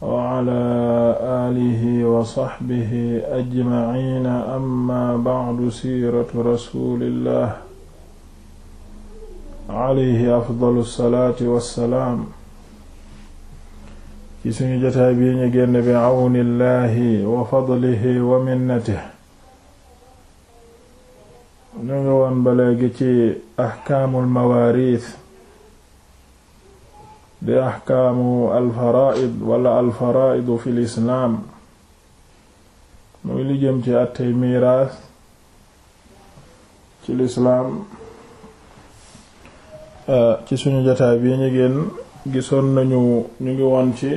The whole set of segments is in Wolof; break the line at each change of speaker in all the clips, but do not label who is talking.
wa ala alihi wa saxbihi ajmaciina amma bacdu siiratu rasulillah alayhi afdalu salaati wa salaam ci suñu jotaay bi ñu génn bi cawni llahi wa fadlihi wa minnatihi ñu ngi woon ba léegi ci axkaamul mawaariis di axkaamu alfaraid wala alfaraidu fi lislaam muy li jëm ci àttey miraas ci lislaam ci suñu jotaay bi ñu génn gisoon nañu ñu ngi woon ci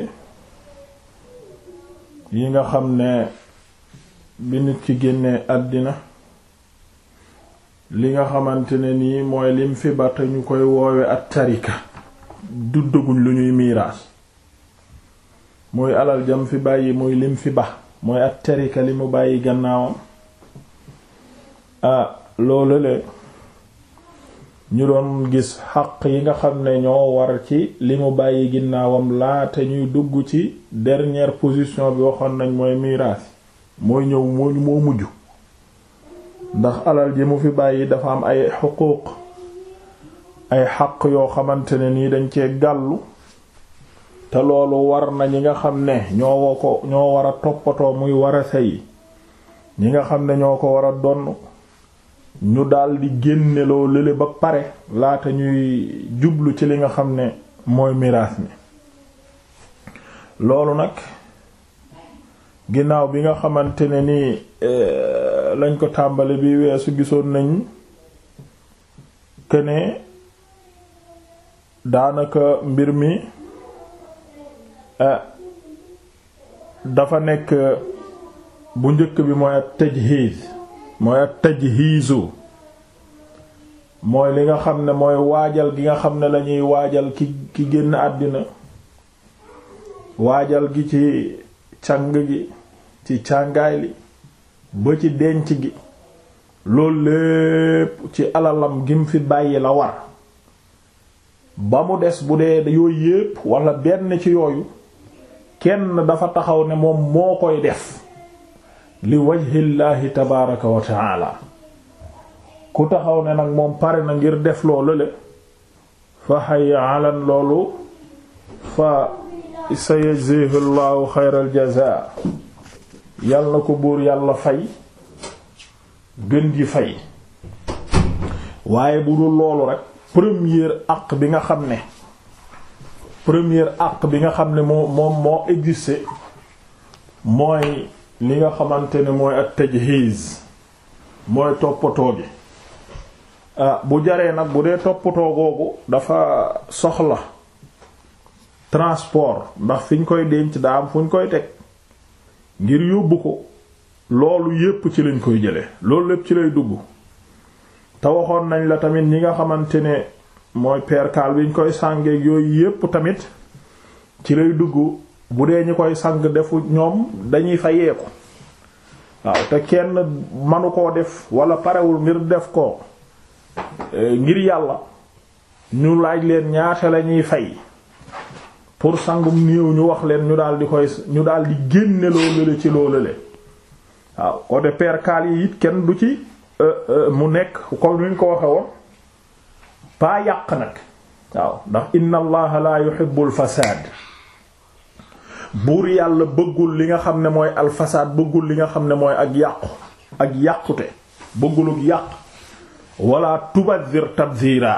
yi nga xam ne bi nit ki génnee àddina li nga xamante ne nii mooy lim fi ba te ñu koy woowe ak tarika duddaguñ lu ñuy miiraas muy alal jam fi bàyyi muy lim fi ba mooy ak terika li mu bàyyi gannaawam ah loolu le ñu doon gis xaq yi nga xam ne ñoo war ci li mu bàyyi ginnaawam laata ñuy dugg ci dernière position bi waxoon nañ mooy miiraas mooy ñëw moo moo mujj ndax alal ji mu fi bàyyi dafa am ay xuquuq ay xaq yoo xamante ne nii dañ cee gàllu te loolu war na ñi nga xam ne ñoo ko ñoo war a toppatoo muy war a sey ñi nga xam ne ñoo ko war a donn ñu daldi génne loo lële ba pare laata ñuy jublu ci li nga xam ne mooy miraas mi loolu nag ginnaaw bi nga xamante ne ni eh, lañ ko tàmbali bi weesu gisoon nañ que ne daanaka mbir mi eh, dafa nekk bu njëkk bi mooy at tajhiz mooy at tajhizu mooy li nga xam ne mooy waajal gi nga xam ne lañuy waajal ki ki génn àddina waajal gi ci càng gi ci càngaay li ba ci denc gi loolu lépp ci alalam gim fi bàyyi la war ba mu des bu dee yooyu yépp wala benn ci yooyu kenn dafa taxaw ne moom moo koy def li wajhillaahi tabaaraka wa ta'ala ku taxaw ne nag moom pare na ngir def loolu le fa hayya alan loolu fa sayajzihi llahu xayral jazaa yal na ko buur yàlla fay gën ji fay waaye bu dul loolu rek première àq bi nga xam ne première àq bi nga xam ne moo moom moo existé mooy li nga xamante ne mooy ak tajhiz mooy toppatoo bi ah, bu jaree nag bu dee toppatoo googu dafa soxla transport ndax fiñ koy denc daa fuñ koy teg ngir yóbbu ko loolu yépp ci lañ koy jële loolu lépp ci lay dugg te waxoon nañ la tamit ñi nga xamante ne mooy perkaal bi ñu koy sàngeeg yooyu yépp tamit ci lay dugg bu dee ñi koy sang defu ñoom dañuy fayeeku waaw te kenn manu koo def wala parewul ngir def ko eh, ngir yàlla ñu laaj leen ñaata la ñuy fay pour sangum néew ñu wax leen ñu daal di koy ñu daal di génne loolale ci loolale waaw côté perkaal yi it kenn du ci Euh, euh, mu nekk ko lu ko waxe woon pas yàq nag waaw ndax inna allaha la yuhibbul fasad buur yàlla bëggul li nga xam ne mooy alfasad bëggul li nga xam ne mooy ak yàqu ak yàqute bëgguluk yàq wala tubadhir tabdhira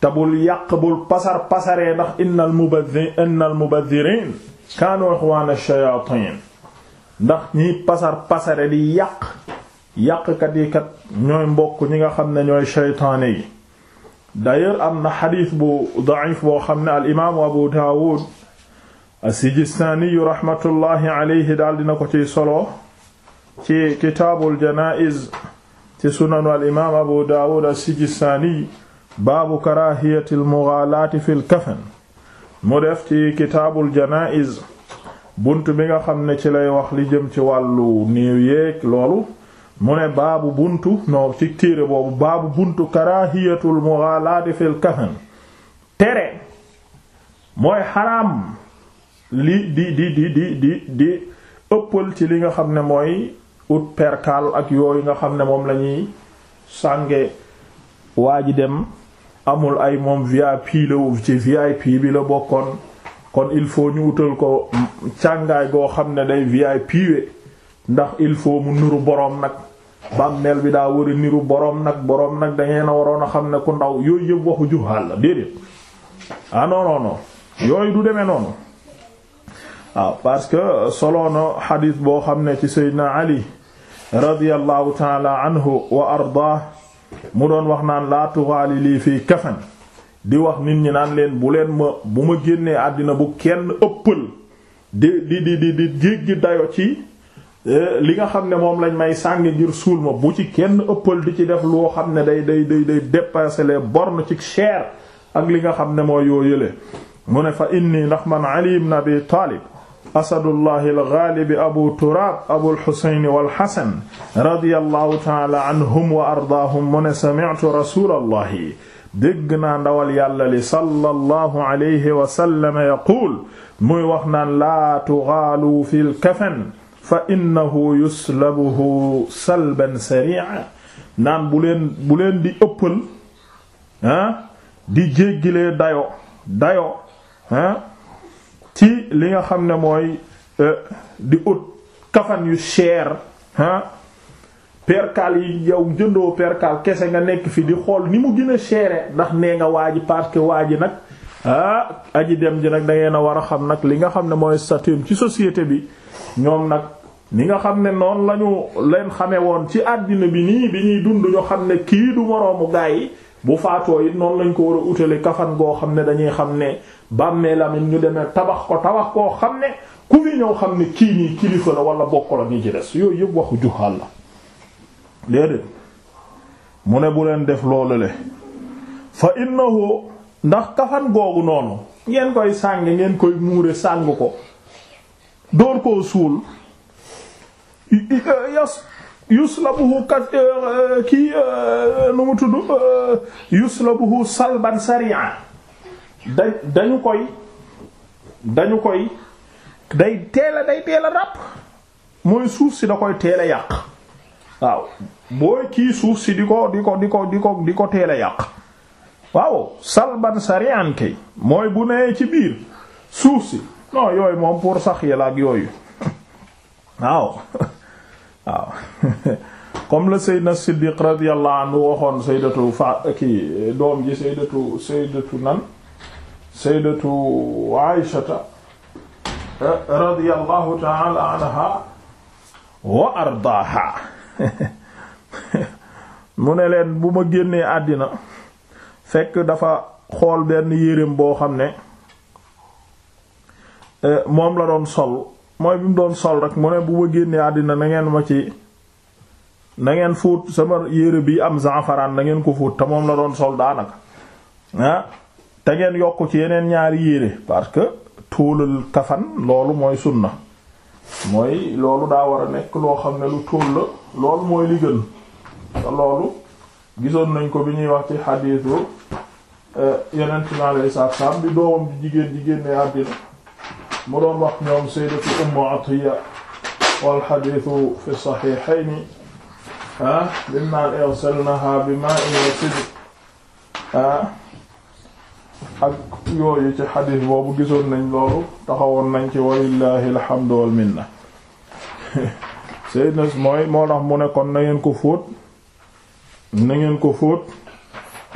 te bul yàq bul pasar pasaree ndax innal mubadhi innal mubadhirin kaanu ikhwana ash-shayatin ndax ñiy pasar pasare di yàq yàqkat yi kat ñooy mbokk ñi nga xam ne ñooy shaytaane yi d'ailleurs na xadiis bu da'if xam ne al imaamu abu daawud as raxmatullaahi alayhi daal dina ko ciy solo ci kitaabul janaa'iz ci sunanu al imaam abu daawud as-sijistaani baabu karaahiyatil mughaalaati fil kafan mu def ci kitaabul janaa'iz bunt bi nga xam ne ci lay wax li jëm ci wàllu néew yeek loolu mu ne baabu buntu non ci téere boobu baabu buntu karahiyatul mughalaati fil kahn tere mooy xaraam li di di di di ëppal ci li nga xam ne mooy ut perkal ak yooyu nga xam ne moom la ñuy sànge waa ji dem amul ay moom VIP la ci VIP bi la bokkoon kon il faut ñu utal ko càngaay goo xam ne day VIP we ndax il faut mu niru boroom nag bàmmeel bi daa war a boroom nag boroom nag dangeen a waroon a xam ne ku ndaw yooyu yëpp waxu juhaal la déedéet ah yooyu du demee noonu waaw ah, parce que soloono xadiis boo xam ne ci Seydina Ali radiyallahu taala anhu wa ardaa mu doon wax naan laa lii fii kafan di wax nit ñi naan leen bu leen ma bu ma génnee àddina bu kenn ëppal di di di di di jéggi dayo ci li nga xam ne moom lañ may sàng ngir suul ma bu ci kenn ëppal di ci def loo xam ne day day day day dépasser ci cher ak li nga xam ne moo yoo yële mu ne fa inni ndax man ali ibn abi taalib asadullahi algaalibi abu turaab abul xusayn wal xasan radiyallahu taala anhum wa ardaahum mu ne sami'tu rasulallahi dégg naa ndawal yàlla li sallallahu alayhi wa sallam yaquul muy wax naan laa tughaalu fil kafan fa innahu yuslabuhu salban sari'a naan bu leen bu leen di ëppal ah di jéggilee dayo dayo ah ci li nga xam ne mooy eh, di ut kafan yu cher ah yi yow jëndoo percal kese nga nekk fi di xool ni mu gën a ndax nee nga waa ji parce que waa ji nag ah aji dem ji nag da ngeen war a xam nag li nga xam ne mooy statut ci société bi ñoom nag ni nga xam ne noonu lañu leen xame woon ci àddina bi nii bi ñuy dund ñu xam ne kii du moroomu gaa bu faatoo yi noonu lañ ko war a utale kafan goo xam ne dañuy xam ne bàmmeelam ñu demee tabax ko tabax koo xam ne ku fi ñëw xam ne kii nii kilifa la wala bokk la ñu ci des yooyu yëpp waxu juxaal la déedéet mu ne bu leen def loolu le fa innahu ndax kafan googu noonu ngeen koy sàng ngeen koy muure sàng ko door koo suul eh, yas yuslabuhu kat eh, eh, kii nu mu tudd yuslabuhu salban sari'a da dañu koy dañu koy day teel a day teel a ràpp mooy suuf si da koy teel a yàq waaw booy kii suuf si di ko di ko di ko di ko di ko teel a yàq waaw salban sari'an kay mooy bu nee ci biir suuf si non yooyu moom pour sax yàlla ak yooyu waaw waaw comme le Seydina Siddiq radiyallahu anhu waxoon Sayyidatu fa kii doom ji Sayyidatu Sayyidatu nan Sayyidatu Aysata eh, radiyallahu ta'ala anha wa ardaaha mu ne leen bu ma génnee àddina fekk dafa xool benn yéreem boo xam ne Eh, moom la doon sol mooy bi mu doon sol rek mu ne bu ma génnee àddina na ngeen ma ci na ngeen fóot sama yére bi am zanfaraan na ngeen ko fóot te moom la doon sol daanaka ah te ngeen yokk ci yeneen ñaari yére parce que tóolal tafan loolu mooy na mooy loolu daa war a nekk loo xam ne lu tóol la loolu mooy li gën te loolu gisoon nañ ko bi ñuy wax ci xadiisu eh, yeneen ci lay saab saab bi doomam jigéen jigéen ne àddina mu doon wax ñoom sayyidatu ummu atiya wal xadiisu fi saxiixayni ah lim naan irsalnaha bi maa'in wa sidq ah ak yooyu ci xadiis boobu gisoon nañ loolu taxawoon nañ ci walillahi alhamdu wal minna sayyidna mooy moo tax mu ne kon na ngeen ko fóot na ngeen ko fóot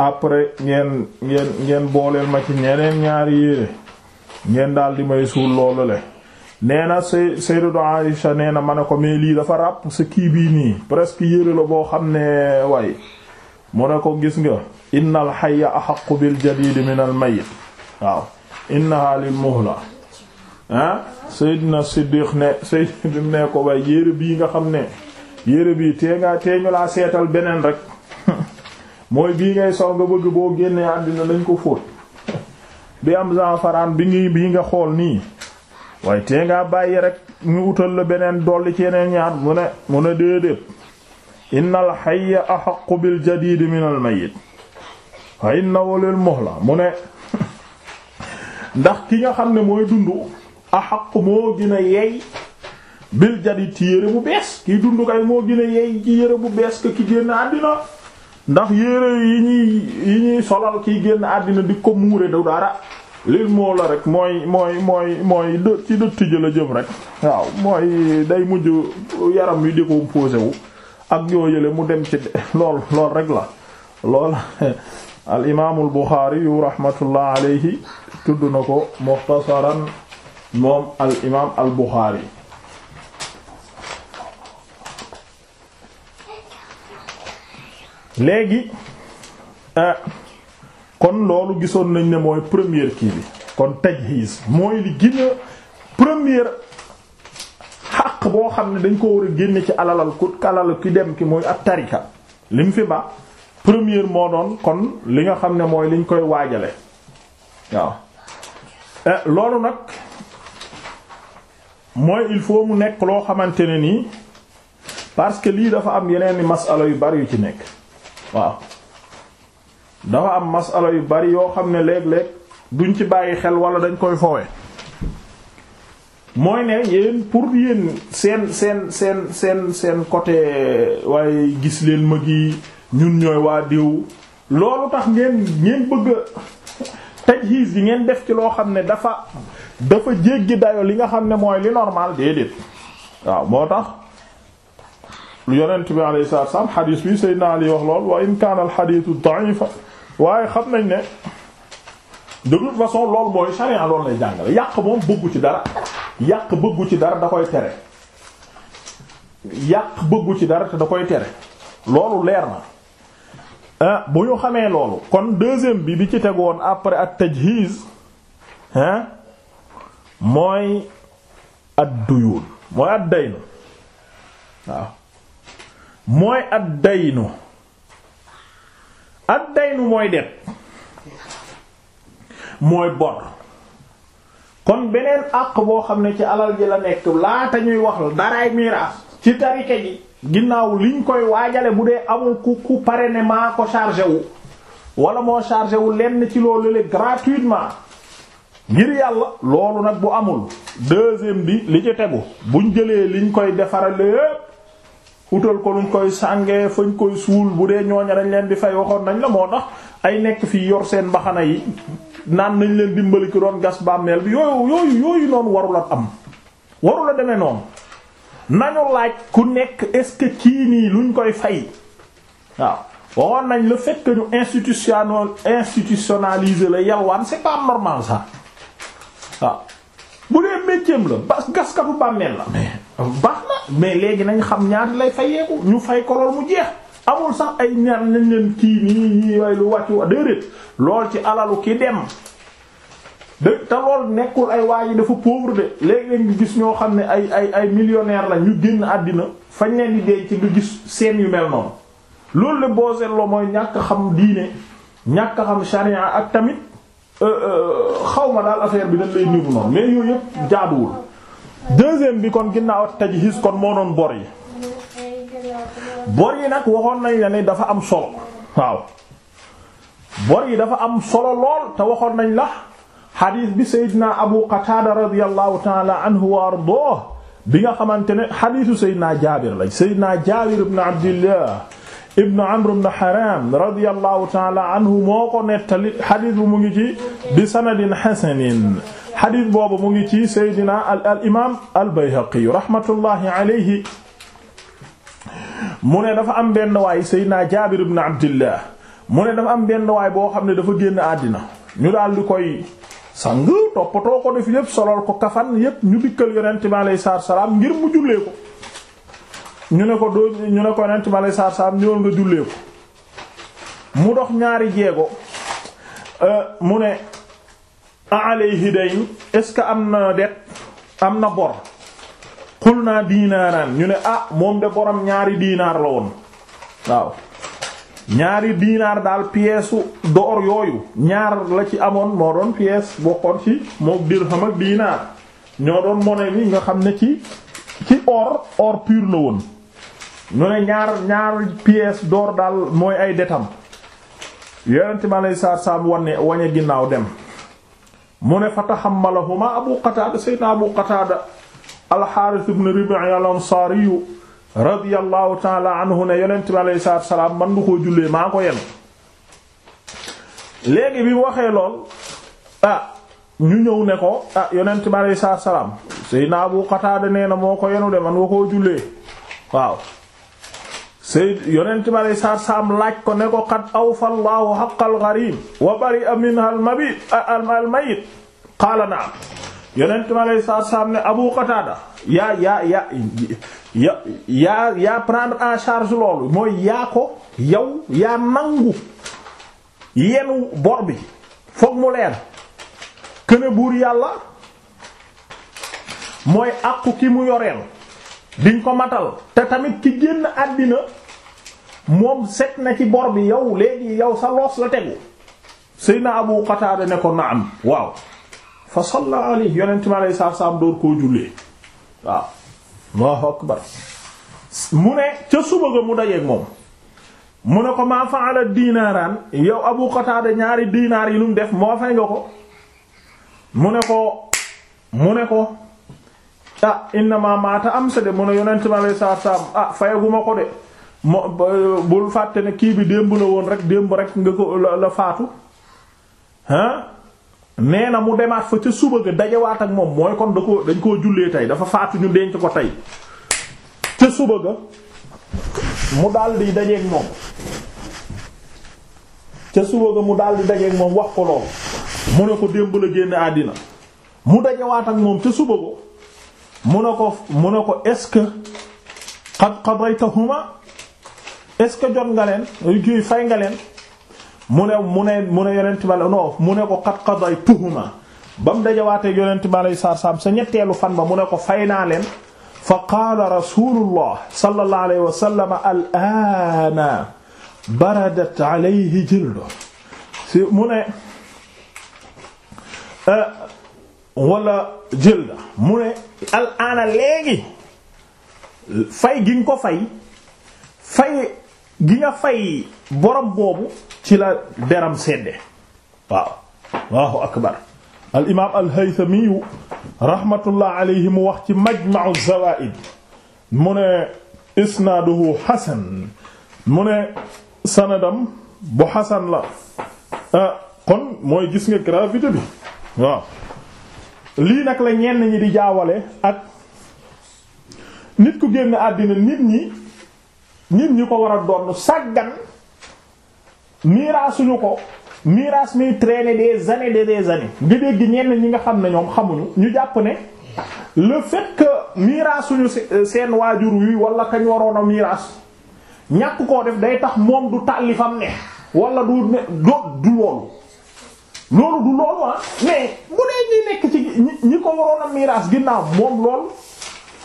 après ngeen ngeen ngeen booleel ma ci ñeneen ñaari yére ngeen daal di may suul loolu le nee na Sayyidatu Aïsha nee na ma ne ko mais lii dafa ràpp sa kii bii nii presque yére la boo xam ne way mu ne ko gis nga innal hayya ahaqqu bil jadid min al mayyit waaw innaha lil muhla ah Seydina Siddiq ne Seydina ne ko way yére bii nga xam ne yére bii tee nga tee laa seetal beneen rek mooy bii ngay sol nga bëgg boo génnee àddina lañ ko fóot bi am zanfaraan bi ngi bi nga xool nii waaye tee ngaa bàyyi rek ñu utal la beneen dolli ci yeneen ñaar mu ne mu ne déedéet inna al hayya ahaqqu bil jadid min al mayyit wa inna mu ne ndax ki nga xam ne mooy dund ahaqqu moo gën a yey bil jadid ci yére bu bees kiy dund kay moo gën a yey ci yére bu bees que ki génn àddina ndax yére yi ñuy yi ñuy solal kiy génn àddina di ko muure du dara lil moo la rek mooy mooy mooy mooy dë ci dëtt jë la jëm rek waaw mooy day mujj yaram wi décomposé wu ak yoo yële mu dem ci lool lool rek la lool al imaamul Buxaari yu rahmatullah alayhi tudd na ko muxtasaran moom al imaam al Buxaari léegi euh, kon loolu gisoon nañ ne mooy première kii bi kon tajhiis mooy li gën première xaq boo xam ne dañ ko war a génne ci alalal ku kalal ki dem ki mooy ab tarika lim fi ba première moo doon kon li nga xam ne mooy liñ koy waajale waaw euh, loolu nag mooy il faut mu nekk loo xamante ne nii parce que lii dafa am yeneen i masala yu bari yu ci nekk waaw dafa am masala yu bari yoo xam ne léeg-léeg duñ ci bàyyi xel wala dañ koy fowe mooy ne yéen pour yéen seen seen seen seen seen côté waaye gis leen mag gi ñun ñooy waa diw loolu tax ngeen ngeen bëgg tajhiis yi ngeen def ci loo xam ne dafa dafa jéggi dayo li nga xam ne mooy li normal déedéet waaw moo tax yonent bi alayhi salaatu wa salaam xadiis bi Seydina Ali wax lool wa in kaana al-xadiisu da'iifa waaye xam nañ ne de toute façon loolu mooy sharia loolu lay jàngale yàq moom bëggu ci dara yàq bëggu ci dara da yàq bëggu ci dara te da koy tere loolu leer na ah, bu ñu xamee loolu kon deuxième bi bi ci tegoon après ak tajhiz hein mooy ad-duyun mooy ad-dayn waaw mooy ad daynu ad mooy det mooy bor kon beneen àq boo xam ne ci alal ji la nekk laata ñuy wax daraay miraas ci tarika ji ginnaaw liñ koy waajale bu dee amul ku ku pare ne maa ko chargé wu wala moo chargé lenn ci loolu le gratuitement ngir yàlla loolu nag bu amul deuxième bi li ci tegu buñ jëlee liñ koy defaral utal ko luñ koy sàngee fañ koy suul bu dee ñooña dañ leen di fay waxoon nañ la moo tax ay nekk fi yor seen mbaxana yi naan nañ leen dimbali ki doon gas bàmmeel bi yooyu yooyu yooyu noonu warula am warula demee noonu nañu laaj ku nekk est-ce que kii nii luñ koy fay waaw waxoon nañ le fait que ñu institutionnel institutionnaliser la yalwaan c'est pas normal ça waaw bu dee métier la ba gaskatu bàmmeel la mais baax na mais léegi nañ xam ñaar lay fayeeku ñu fay ko mu jeex amul sax ay ñaar nañ leen kii nii ñii yooyu lu wàccu wa déedéet lool ci alalu ki dem de te lool nekkul ay waa yi dafa pauvre de léegi lañ gis ñoo xam ne ay ay ay millionnaire la ñu génn àddina fañ leen di dee ci lu gis seen yu mel noonu loolu la boosetloo mooy ñàkk xam diine ñàkk xam sharia ak tamit euh, euh, xaw ma daal affaire bi dañ lay niru noonu mais yooyu yëpp jaaduwul deuxième bi kon ginnaaw tajhiis kon moo doon bor yi bor yi nag waxoon nañ la ne dafa am solo waaw bor dafa am solo lool te waxoon nañ la xadiis bi Seydina Abu Qatada radiyallahu taala anhu wa ardaah bi nga xamante ne xadiisu Seydina Jaabir la Seydina Jaabir ibn Abdillah ibn Amr ibn Haram radiyallahu taala anhu moo ko nettali xadiis bu mu ngi ci bi sanadin hasanin xadiis boobu mu ngi ci Seydina al al imaam al Bayhaqi rahmatullahi alayhi mu ne dafa am benn waay Seydina Jaabir ibn Abdillah mu ne dafa am benn waay boo xam ne dafa génn àddina ñu daal di koy sang toppatoo ko def yépp solol ko kafan yépp ñu dikkal yonent bi alayhi salaam ngir mu jullee ko ñu ne ko doo ñu ne ko yonent bi alayhi salaam ñëwal nga jullee ko mu dox ñaari jeego euh, mu ne. alayhi dayn est-ce que am na det am na bor xul naa diinaaraan ñu ne ah moom de borom ñaari diinaar la woon waaw ñaari diinaar daal pièce door yooyu ñaar la ci amoon moo doon pièce bokkoon ci moom dirham ak diinaar ñoo doon monnaie bi nga xam ne ci ci or or pur la woon ñu ne ñaar ñaar pièce d'or daal mooy ay detam yonent ma lay saar saam wane wañe ginnaaw dem mu ne fa taxammalahuma abu qataada seydna abu qataada alxaaris ibn ribi' al ansaari radiyallahu taala anhu ne yonent bi salaam man du ko jullee maa ko yenu léegi bi waxee lool ah ñu ñëw ne ko ah yonent bi alayhi salaatu wa salaam seydna abu qataada nee na moo ko yenu de man wa koo jullee waaw Seyd yonent bi laaj ko ne ko qad awfa Allahu haqqal gharim wa bari'a minha al-mabit al-mayyit qaala na'am yonent bi aleyhi salaatu Abu Qatada yaa yaa yaa yaa yaa prendre en charge loolu mooy yaa ko yow yaa nangu yenu bor bi foog mu leer kene buur yàlla mooy àqu ki mu yoreel diñ ko matal te tamit ki génn àddina moom set na ci bor bi yow léegi yow sa loos la tegu Seydina Abu Qatada ne ko na am waaw fa la alayhi yonent mi alayhi salaatu salaam door koo jullee waaw Allahu akbar mu ne ca suba ga mu dajeeg moom mu ne ko maa fa'ala diinaaraan diinaar yi lu def moo fay nga ko mu ne ko mu ne ko ah innama maata am sa de mu ne yonent ma lay saa saam ah fayaguma ko de mo bul fàtte ne kii bi démb la woon rek démb rek nga ko la faatu ah nee na mu demaat fa ca suba ga dajawaat ak moom mooy kon da ko dañ koo jullee tey dafa faatu ñu denc ko tey ca suba ga mu daal di dajeeg moom ca suba ga mu daal di dajeeg moom wax ko lool mu ne ko démb la génn àddina mu dajawaat ak moom ca suba ga mu ne ko mu ne ko est-ce que qad qadaytahuma est-ce que jot nga leen kii fay nga leen mu ne mu ne mu ne yonent bi mu ne ko qad qadaytuhuma ba mu dajawaatee yonent bi alayhi salaam sa ñetteelu fan ba mu ne ko fay naa leen fa qaala rasulullah sallallahu alayhi wa sallam al'aana baradat alayhi jildu wala jël mu ne al aana fay gi ko fay fay gi fay borom boobu ci la deram sedde waaw Allahu akbar al imaam al haythami rahmatullah alayhi mu wax ci majma'u zawaid mu ne isnaaduhu hasan mu ne sanadam bu hasan la ah, kon mooy gis nga gravité bi waaw lii nag la ñenn ñi di jaawale ak nit ku génn àddina nit ñi nit ñi ko war a doon sàggan miraasuñu ko miraas muy traîner des années de des années nga dégg ñenn ñi nga xam ne ñoom xamuñu ñu jàpp ne le fait miraasuñu euh, seen waajur wi wala kañ waroon a miraas ñàkk koo def day tax moom du tàllifam ne wala du do du loolu loolu du loolu ah mais bu dee ñi nekk ci ñi ñi ko waroon a miraas ginnaaw moom lool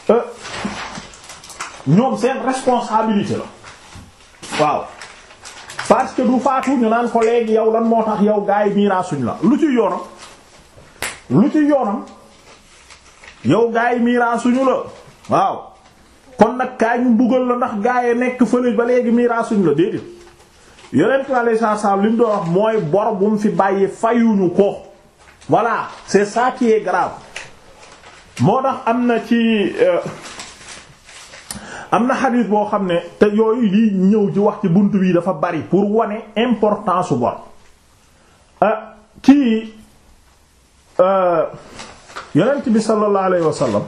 euh, ñoom seen responsabilité la waaw parce que du faatu ñu naan ko léegi yow lan moo tax yow gaa yi miraasuñ la lu ci yoonam lu ci yoonam yow gaa yi miraasuñu la waaw kon nag kaa ñu buggal la ndax gaa yi nekk fële ba léegi miraasuñ la déedéet. yonent bi alayhi salaatu salaam li mu doon wax mooy bor fi bàyyi fayuñu ko voilà c'est ça qui est grave moo tax am na ci euh, am na xadiis boo xam ne te yooyu yi ñëw ci wax ci bunt bi dafa bari pour wane importance su bor euh, kii euh, yonent bi sallallahu alayhi wa sallam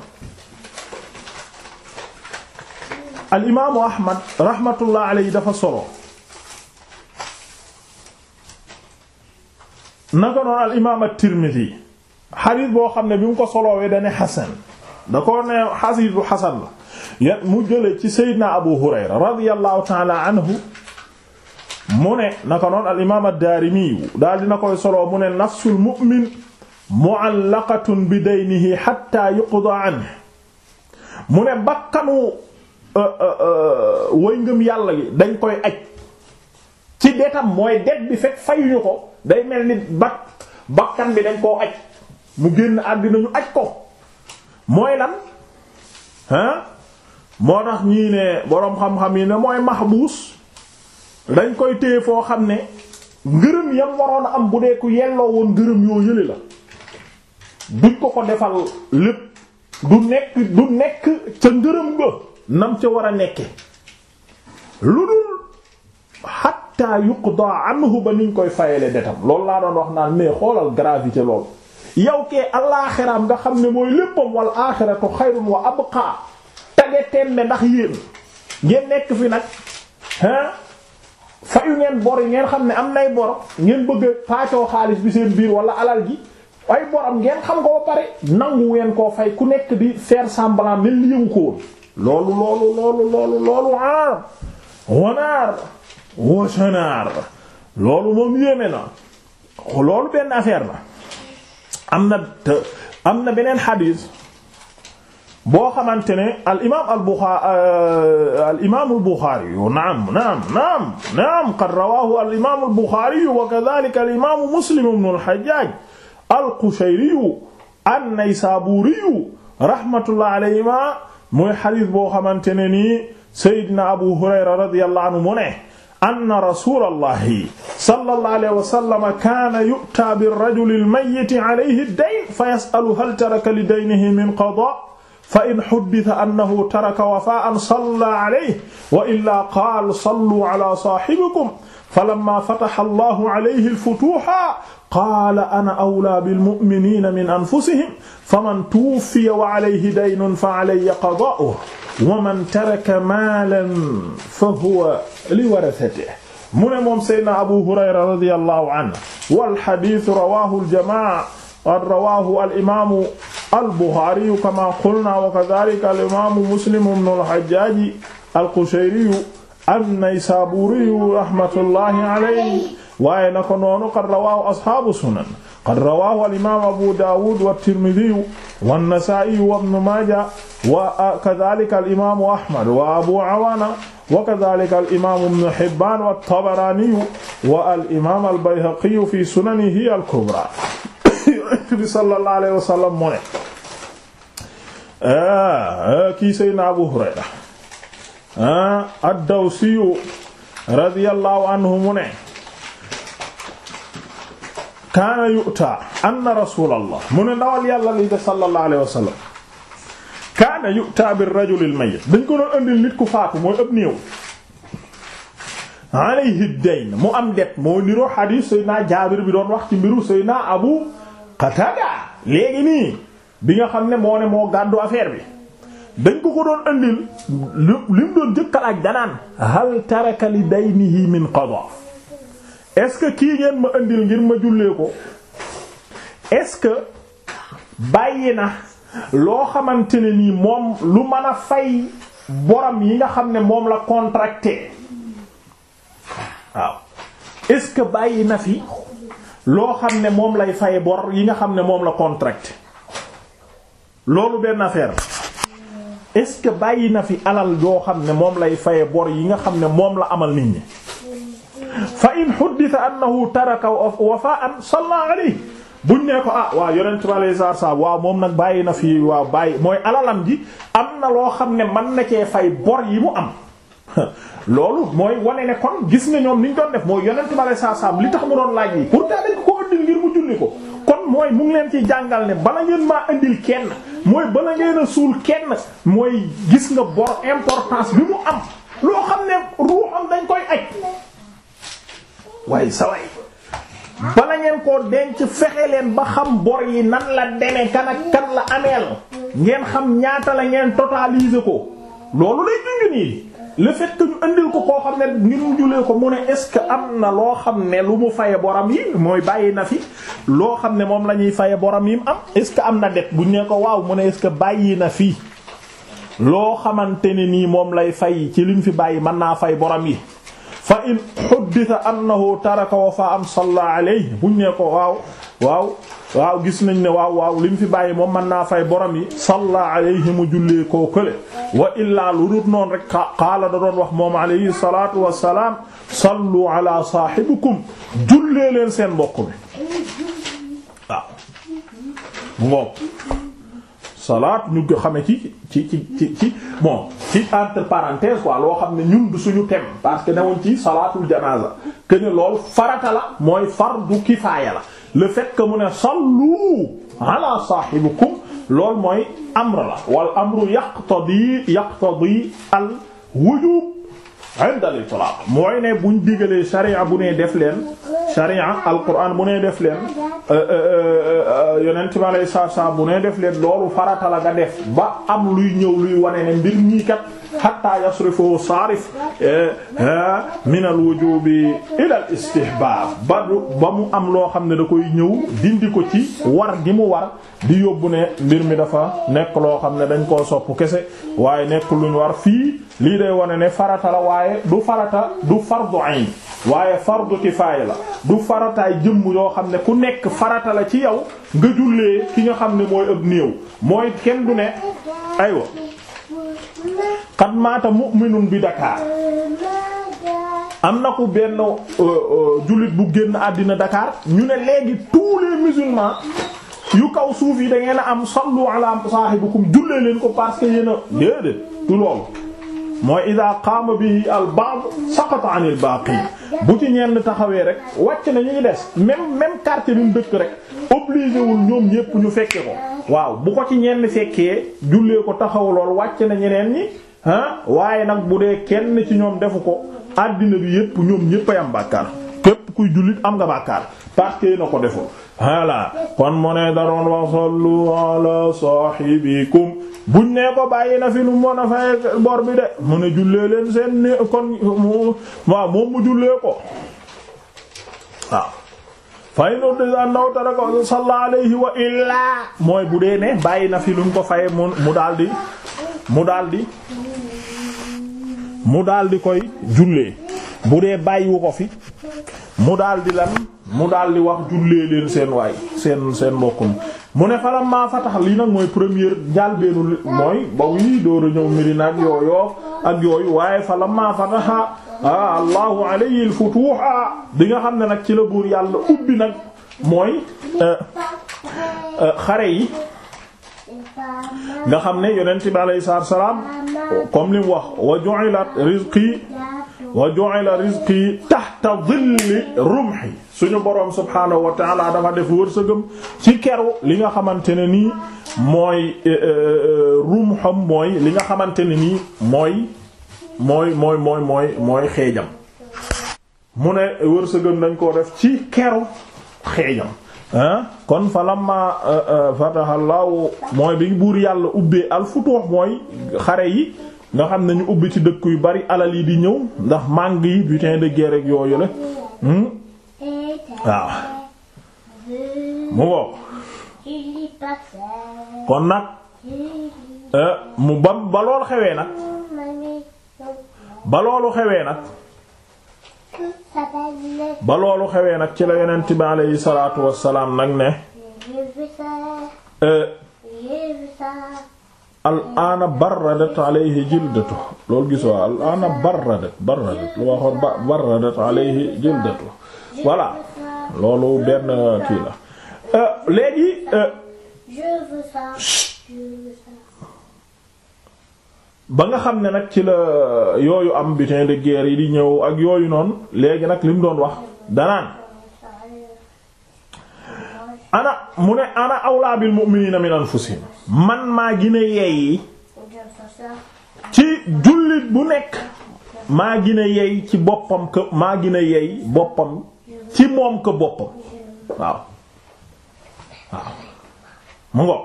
al imaamu Ahmad rahmatullah dafa solo. naka noonu al imaam at boo xam ne bi mu ko soloowee dane xasan da ko ne xadiis xasan la ya mu jële ci Seydina Abu Hurayra radiyallahu ta'ala anhu mu naka noonu al imaam ad-Daarimi daal dina koy soloo mu ne nafsul mu'min bi daynihi hatta yuqda anhu mu ne bakkanu euh, euh, euh, way ngëm yàlla gi dañ koy aj ci detam mooy det fekk fayuñu ko day mel ni bak bakkan bi dañ koo aj mu génn àddina ñu aj ko mooy lan hein moo tax ñii ne boroom xam-xam yi ne mooy mahbuus dañ koy téye foo xam ne ngërëm yam waroon a am bu dee ku yelloo woon ngërëm yoo yële la duñ ko ko defal lépp du nekk du nekk ca ngërëm ba nam ca war a nekke lu dul xat xatta yuqda anhu ba niñ koy fayele detam loolu laa doon wax naan mais xoolal gravité loolu yow kee alaaxiraam nga xam ne mooy léppam wal aaxiratu xayrun wa abqa tage tembe ndax yéen ngeen nekk fi nag hein fayu ngeen bor yi ngeen xam ne am nay bor ngeen bëgg a paacoo xaalis bi seen biir wala alal ji ay boram ngeen xam ko pare nangu ngeen koo fay ku nekk di faire semblant mel ni ko woon loolu loolu loolu loolu loolu ah! wanaar washanaar loolu moom yéeme na loolu benn affaire na am na te am na beneen xadiis boo xamante ne al imaam al euh, buxaari al imaam al buxaari naam naam naam naam qad rawaahu al imaam al buxaari wa kadaalika al imaam muslim ibn al hajjaaj al qushayri an naysaabuuri rahmatullah alayhimaa mooy xadiis boo xamante ne nii Seydina Abu Hurayra radiyallahu anhu mu ne anna rasulallahi sallallahu alayhi wa sallam kaana yu'taa birrajuli al-mayyiti alayhi ad-dayn fa yas'alu hal taraka li daynihi min qadaa fa in hudditha annahu taraka wafaa'an salla alayhi wa illaa qaala sallu ala saahibikum falammaa fataha allahu alayhi al-futuuha qaala ana awlaa bilmu'miniina min anfusihim faman tuwuffiya wa alayhi daynun fa alayya qadaa'uhu wa man taraka maalan fa huwa liwarasatihi mu ne moom Seydina Abu Hurayra radiyallahu anhu wal hadiis rawaahu al-jamaa'a qad rawaahu al-imaamu al-Buxaari kamaa qulnaa wa kazaalika al-imaamu Muslim ibnu al-Hajjaaj al-Qushayri an-Naysaabuuri rahmatullahi alayhi waaye na ko noonu qad rawaahu ashaabu sunan qad rawaahu al-imaam abu daawud wa tirmidhi wa nasaa'i wa ibnu maaja wa kadhalika al-imaamu ahmad wa abu awaana wa kadhalika al-imaamu ibnu hibbaan wa at-tabaraani wa al-imaam al-bayhaqi fi sunanihi al-kubraa sallallahu alayhi wa sallam mu ne ah, kii Seydina Abu Hurayra ah, ad-Dawsi radiyallahu anhu mu ne kaana yu'ta anna rasulallah mu ne ndawal yàlla li de sallallahu alayhi wa sallam yu'ta bir rajulil mayyit dañ ko doon andil nit ku faatu mooy ëpp néew alayhi dayn mu am det moo niroo xadiis Seydina Jaabir bi doon wax ci mbiru Seydina Abu Qatada léegi nii bi nga xam ne moo ne moo affaire bi dañ ko doon andil li doon jëkkal ak hal taraka li daynihi min qada est-ce que kii ngeen ma indil ngir ma jullee ko est-ce que bàyyi na loo xamante ne nii moom lu mën a fay borom yi nga xam ne moom la contracté waaw est-ce que bàyyi na fi loo xam ne moom lay fay bor yi nga xam ne moom la contracté loolu benn affaire est-ce que bàyyi na fi alal yoo xam ne moom lay fay bor yi nga xam ne moom la amal nit ñi. fa in xuddita annahu taraka wafaan salla alayhi buñ ne ko ah waa yonent bi alayhi salaatu salaam waaw moom nag bàyyi na fii waaw bàyyi mooy alalam ji am na loo xam ne man na cee fay bor yi mu am loolu mooy wane ne kon gis nga ñoom ni ñu doon def mooy yonent bi alayhi salaatu li tax mu doon laaj yi pourtant dañ ko ëndil ngir mu julli ko kon mooy mu ngi leen ci jàngal ne bala ngeen maa indil kenn mooy bala ngeen a suul kenn mooy gis nga bor importance bi mu am loo xam waaye saway bala ngeen koo denc fexe leen ba xam bor yi nan la deme kan la ameel ngeen xam ñaata la ngeen totaliser ko loolu lay junj nii le fait que ñu andil ko koo xam ne ngir mu julee ko mu ne est-ce que am na loo xam ne lu mu faye boram yi mooy bàyyi na fi loo xam ne moom la ñuy faye boram yi mu am est-ce que am na det buñ ne ko waaw mu ne est bàyyi na fi loo xamante ne nii moom lay fay ci lim fi bàyyi mën naa fay borom yi fa in xuddita annahu taraka wa fa am salla alayhi buñ waaw waaw waaw gis nañ ne waaw waaw li bàyyi moom mën naa fay borom yi salla alayhi mu jullee koo kële wa illaa lu dut qaala da doon wax moom alayhi salatu wasalaam sallu ala saahibikum jullee leen seen mbokk mi salaat ñu ko xamee ci ci ci ci ci bon ci entre parenthèses quoi loo xam ne ñun du suñu thème parce que newoon ci salaatul janaza que ne loolu farata la mooy fardu kifaaya la le fait que mu ne sallu ala saahibikum loolu mooy amr la wal amru yaqtadi yaqtadi al wujub indal itlaq mooy ne buñ digalee sharia bu ne def leen sharia alquran bu nee def leen euh, euh, euh, yonent ma lay saa saa bu ne def leen loolu farata la nga def ba am luy ñëw luy wane ne mbir ñii kat hatta yasrifu saarif min al wujubi ila al istihbab ba ba mu am loo xam ne da koy ñëw dindi ko ci war gi mu war di yóbbu ne mbir mi dafa nekk loo xam ne dañ koo sopp kese waaye nekk luñ war fii lii day wane ne farata la waaye du farata du fardu ayn waaye fardu kifaaya la du farataay jëmm yoo xam ne ku nekk farata la ci yow nga jullee ki nga xam ne mooy ëpp néew mooy kenn du ne aywa qad maata mu'minun bi Dakar am na ko benn euh, euh, jullit bu génn àddina dakaar ñu ne léegi tous les yu kaw suuf yi da ngeen a am sallu ala saahibikum jullee leen ko parce que yéen a déedéet loolu mooy ida qaama bihi al ba'd saqata an il baaqi bu ci ñenn taxawee rek wàcc na ñu des même même quartier bi mu dëkk rek obligé wul ñoom ñépp ñu fekke ko waaw bu ko ci ñenn fekkee jullee ko taxawu lool wàcc na ñeneen ñi ah waaye nag bu dee kenn ci ñoom defu ko àddina bi yépp ñoom ñépp ay am bàkkaar képp kuy jullit am nga bàkkaar parce que na ko defoo voilà kon mu ne daroon wa sallu ala sahibikum buñ nee ko bàyyi na fi lu mën a fay bor de mu ne jullee leen seen ne kon waaw moom mu jullee ko waaw fay no disa naw tarako sallallahu alayhi wa illaa mooy bu dee ne bàyyi na fi lu ko faye mu mu daal di mu daal mu daal koy jullee bu dee bàyyiwu ko fi mu daal lan mu daal di wax jullee leen seen waay seen seen mbokkum mu ne faram maa fa tax lii nag mooy première njàlbeenu mooy ba wii door a ñëw Medina ak yooyu ak yooyu waaye faram maa fa tax ah allahu alayhi al bi nga xam ne nag ci la buur yàlla ubbi nag mooy eh, eh, xare yi. nga xam ne yonent bi alayhi salaam comme li wax wa ju'ila rizqi wa ju'ila rizqi tahta dhilli rumhi suñu boroom subhaanahu wa taala dafa def wër wërsëgam ci keru li nga xamante ne nii mooy eh, eh, eh, rumxam mooy li nga xamante ne nii mooy mooy mooy mooy xeejam mu ne wër wërsëgam nañ koo def ci keru xeejam kon fa lamma fatahallahu mooy bi buur yàlla ubbee al futuux mooy xare yi nga xam nañu ubbi ci dëkk yu bari alal yi di ñëw ndax màng yi butin de guerre yooyu la hmm? waaw mu wow kon nag eh, mu ba ba loolu xewee nag ba loolu xewee nag ba xewee nag ci la yonent bi aleyhi salaatu wassalaam nag ne eh, al aana barradat alayhi jildatu loolu gis waa al aana lu waxoon ba barradat alayhi jildatu voilà loolu benn kii la euh, léegi euh, ba nga xam ne nag ci la yooyu am butin de yi di ñëw ak yooyu noonu léegi nag li mu doon wax danaan ana mu ne ana awlaa bil mu'minina min anfusihim man maa gine yeey ci jullit bu nekk maa gine yeey ci boppam que maa gine yeey boppam ci moom ko boppam waaw waaw mu ngo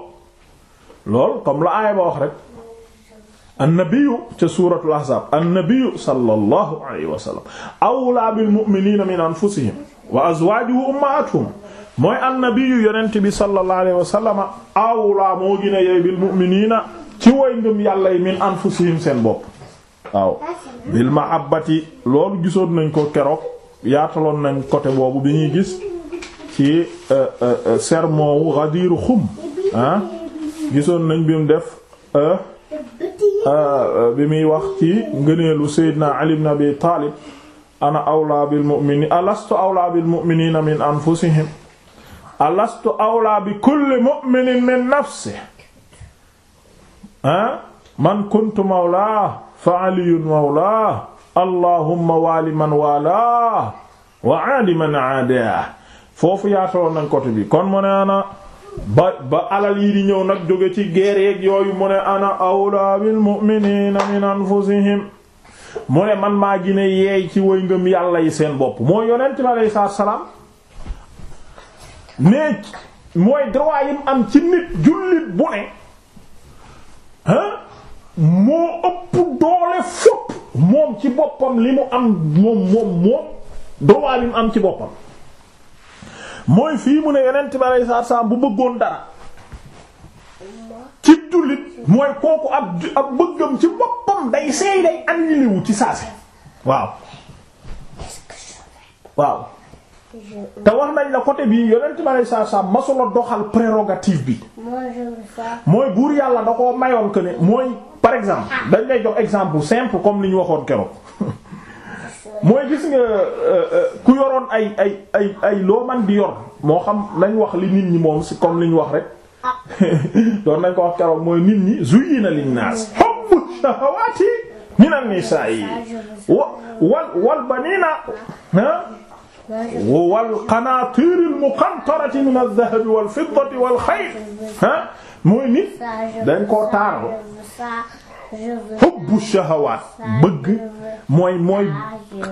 lool comme la aaya ba wax rek annabiyu ca suratul ahzab annabiyu sallallahu alayhi wa sallam awlaa bil mu'minina min anfusihim wa azwajuhu ummahatuhum mooy annabiyu yonent bi sallallahu alayhi wa sallama awlaa moo gën a bil mu'minina ci way ngëm yàlla yi min anfusihim seen bopp waaw bil mahabbati loolu gisoon nañ ko keroog yaataloon nañ côté boobu bi ñuy gis ci euh, euh, euh, sermon wu Ghadir gisoon nañ bi mu def bi muy wax ci ngëneelu Seydina Ali ibn Abi Talib ana awlaa bil alastu awlaa bil mu'miniina min anfusihim alastu awlaa bi kulli mu'minin min nafsihi ah man kuntu mawlaa fa aliyun allahumma waali man waalaa wa aadi man aadaa foofu yaataloon nañ côté bi kon mu ne ana ba alal yi di ñëw nag jóge ci guerre yeeg yooyu mu ne ana awlaa bil mu'miniina min anfusihim mu ne man maa gine yeey ci way ngëm yàlla yi seen bopp mooy yonent bi aleyhi salaatu salaam mais mooy droit am ci nit jullit bu ne moo ëpp doole fopp moom ci boppam li mu am moom moom moom droit bi mu am ci boppam mooy fii mu ne yonent bi alayhi salaatu bu bëggoon dara ci jullit mooy kooku ab ab bëggam ci boppam day seey day annulé wu ci saase waaw waaw te wax nañ la côté bii yonent ma lay saa saa masula doxal prérogative bi. mooy buur yàlla da ko mayoon que ne mooy par exemple. dañ lay jox exemple bu simple comme li ñu waxoon keroog. mooy gis nga euh, euh, ku yoroon ay ay ay ay loo man di yor moo xam nañ wax li nit ñi moom si comme li wax rek. doon nañ ko wax keroog mooy nit ñi zuyyina linnaas hubbu shahawaati minan nisaa'i wal wal baniina wal qanaatiir al muqantarati min al dhahabi wal fiddati wal xayl mooy nit dañ koo taaral hubbu shahawaat bëgg mooy mooy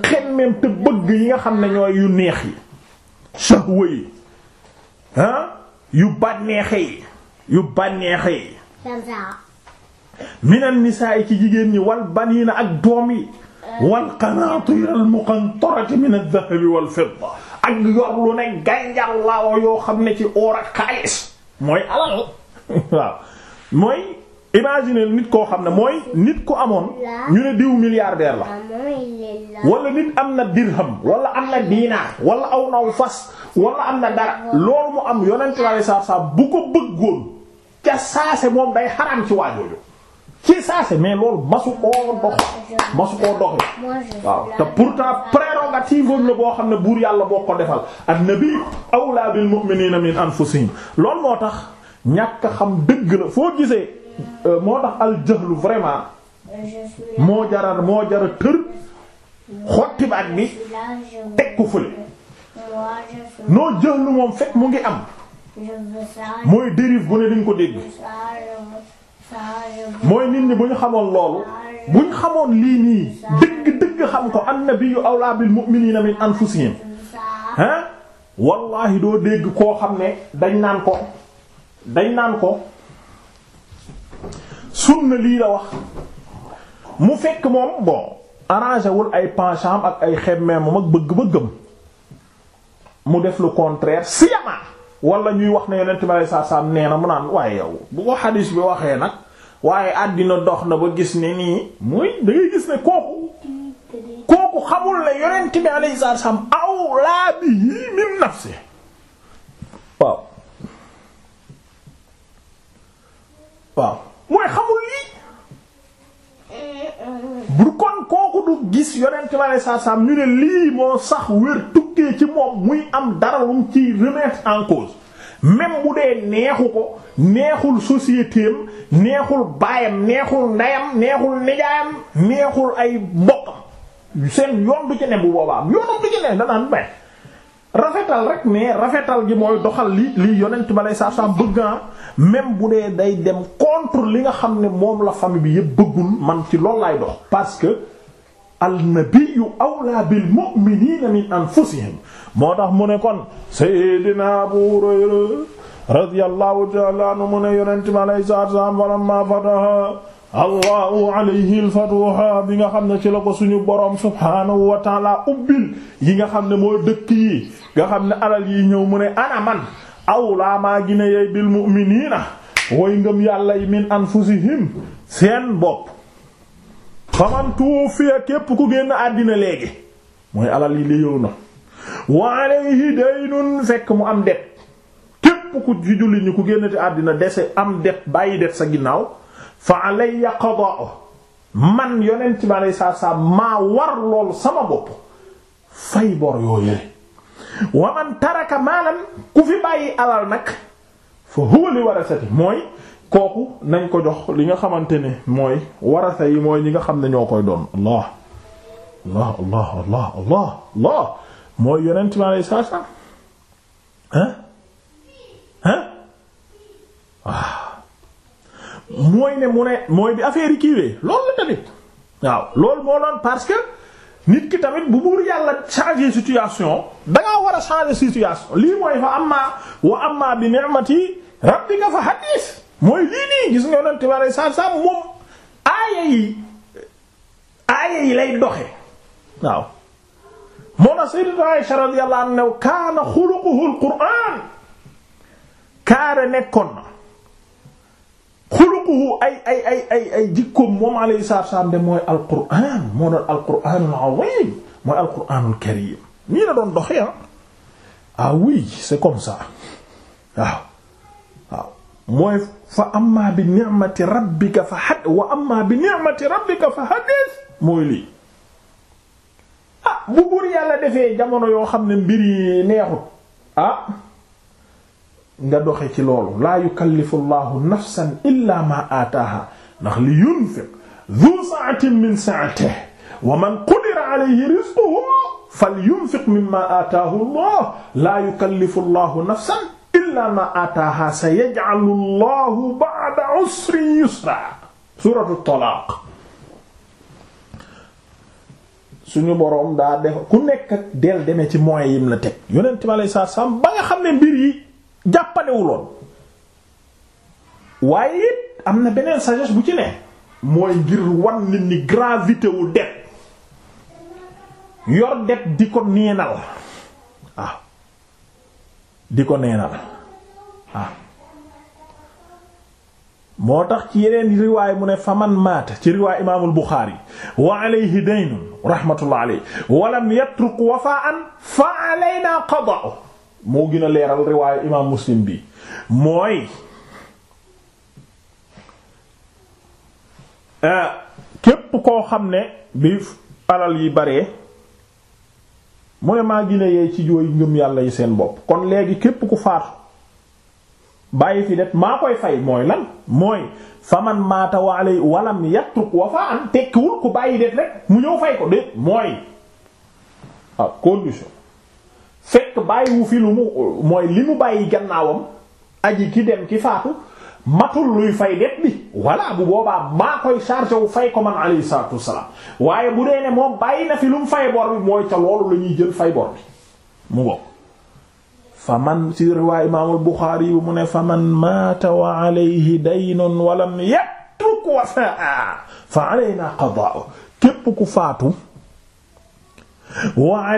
xemmeem te bëgg yi nga xam ne ñooy yu neex yi shahwa yi ah yu bànneexe yi yu bànneexe yi min an nisaa ci jigéen ñi wal baniina ak doom yi wal qanaatiir al muqantarati min al dahabi wal fidda ak yor lu ne gànjar laawa yoo xam ne ci oor ak mooy alal waaw mooy imaginer nit koo xam ne mooy nit ku amoon ñu ne diw milliardaire la wala nit am na dirham wala am na diinaar wala aw naw fas wala am na dara loolu mu am yonent la saa saa bu ko bëggoon ca saase moom day xaraam ci waajooju ci saase mais loolu masu koo dox masu koo doxi waaw te pourtant prérogative am la boo xam ne buur yàlla boo ko defal annabi awla bil mu'minina foo anfusihim lool moo tax ñàkk xam dëgg na foo gisee euh, moo tax al jahlu vraiment moo jarar moo jara tër xotti baat bi teg ko fële noo jahlu moom fekk mu ngi am mooy dérive bu ne dañ ko dégg mooy nit ñi bu xamoon loolu bu xamoon lii nii dëgg dëgg xam ko annabiyyu awlaa bil mu'miniina min anfusihim ah wallaahi doo dégg koo xam ne dañ naan ko dañ naan ko sunna lii la wax mu fekk moom bon arrangé wul ay penchant ak ay xemmeemam ak bëgg-bëggam mu def lu contraire siyama wala ñuy wax ne yonent bi saa saa nee na mu naan waaye yow bu ko xadis bi waxee nag waaye àddina dox na ba gis ne nii muy da gis ne kooku
kooku xamul ne yonent bi alayhi salaam
awlaa bihi min nafsi waaw waaw gis yonent bi alei satu salaam ñu ne lii moo sax wér tukkee ci moom muy am dara lu mu ciy remettre en cause même bu dee neexu ko neexul société neexul baayam neexul ndeyam neexul nijaayam neexul ay mbokkam seen yoon du ci ne bu boobaam yoonam du ci ne danaan bay rafetal rek mais rafetal gi mooy doxal li lii yonent ma lay saa saa bëgg ah. même bu dee day dem contre li nga xam ne moom la famille bi yëpp bëggul man ci loolu laay dox parce que alnabiyu awlaa bil mu'miniina min anfusihim moo tax mu ne kon sayyidina Abu Hurayra radiyallahu ta'ala anhu mu ne yonent mi alayhi salaatu wa salaam fataha allahu alayhi alfatuha bi nga xam ne ci la ko suñu boroom subhaanahu wa ta'ala ubbil yi nga xam ne moo dëkk yi nga xam ne alal yi ñëw mu ne ana man awlaa maa gine yey bil mu'miniina way ngëm yàlla yi min anfusihim seen bopp faman tuufiya képp ku génn àddina léegi mooy alal yi léyow na wa alayhi daynun fekk mu am det képp ku ci julli ñu ku génn te àddina dese am det bàyyi det sa ginnaaw fa alayya qada'u man yonent bi alei saatu salaam maa war lool sama bopp fay bor yooyule wa man taraka maalan ku fi bàyyi alal nag fa huwa li warasati mooy kooku nañ ko jox li nga xamante ne mooy warasa yi mooy ñi nga xam ne ñoo koy doon allah allah allah allah mooy yonent mi alei saatu salaam hein hein waaw ah. mooy ne mu ne mooy bi affaire yi kiiwee loolu la tamit waaw loolu moo doon parce que nit ki tamit bu buur yàlla changer situation dangaa war a changer situation lii mooy fa amma wa amma bi ni'mati rabbika fa hadith mooy lii nii gis nga yonent bi aleyhi salaatu moom aaya yi aaya doxe moo na sayyidatu Aisha radiyallahu anha kaana xuluquhu na xuluquhu ay ay ay moom aleyhi salaatu salaam de mooy alquraan moo doon alquraanul aziim mooy nii la doon doxe ah, ah oui c'est comme mooy fa amma bi ni'mati rabbika fa hadd wa amma bi ni'mati rabbika fa haddith mooy lii ah bu buur yàlla defee jamono yoo xam ne mbir yi neexut ah nga doxe ci loolu laa yukallifu llahu nafsan illa ma aataaha ndax li yunfiq du sa'atin min sa'atihi wa man qudira alayhi rizquhu falyunfiq mimma aataahu llah laa yukallifu llahu nafsan ila ma ataaha sayaj'alu Allahu ba'da ku nekk ak del ci moyens yim la teg yonent bi ba nga xam ne mbir yi jàppalewuloon waaye it am na beneen sagesse bu ci ne mooy ngir wan nit ni gravité wu det yor di ko neenal waaw ah. di ko neenal Ah. moo tax ci yeneen riwaay mu ne faman maata ci riwaay imaamul Buxaari wa alayhi daynun rahmatullah alayhi wa lam yatruk wafaan fa moo gën leeral riwaayu imaam Muslim bi mooy eh, képp koo xam ne bi alal yi bare mu ne maa gën yee ci jooy ngëm yàlla yi seen bopp kon léegi képp ku faatu bàyyi fi def maa koy fay mooy lan mooy faman maata wa alay walam yatruk wafaan tekkiwul ku bàyyi det rek mu ñëw fay ko déet mooy ah condition fekk bàyyiwu fi mooy li mu bàyyi gannaawam aji ki dem ki faatu matul luy fay det bi walla bu boobaa maa koy chargé wu fay ko man alayhi salaatu wassalaam waaye bu dee ne moom bàyyi na fi lu mu fay bor bi mooy ca loolu la ñuy jël fay bor bi mu ngo faman ci riwaay imaamul Buxaari yi mu ne faman maata wa alayhi daynun wa lam yatruk wasaa fa ku faatu wa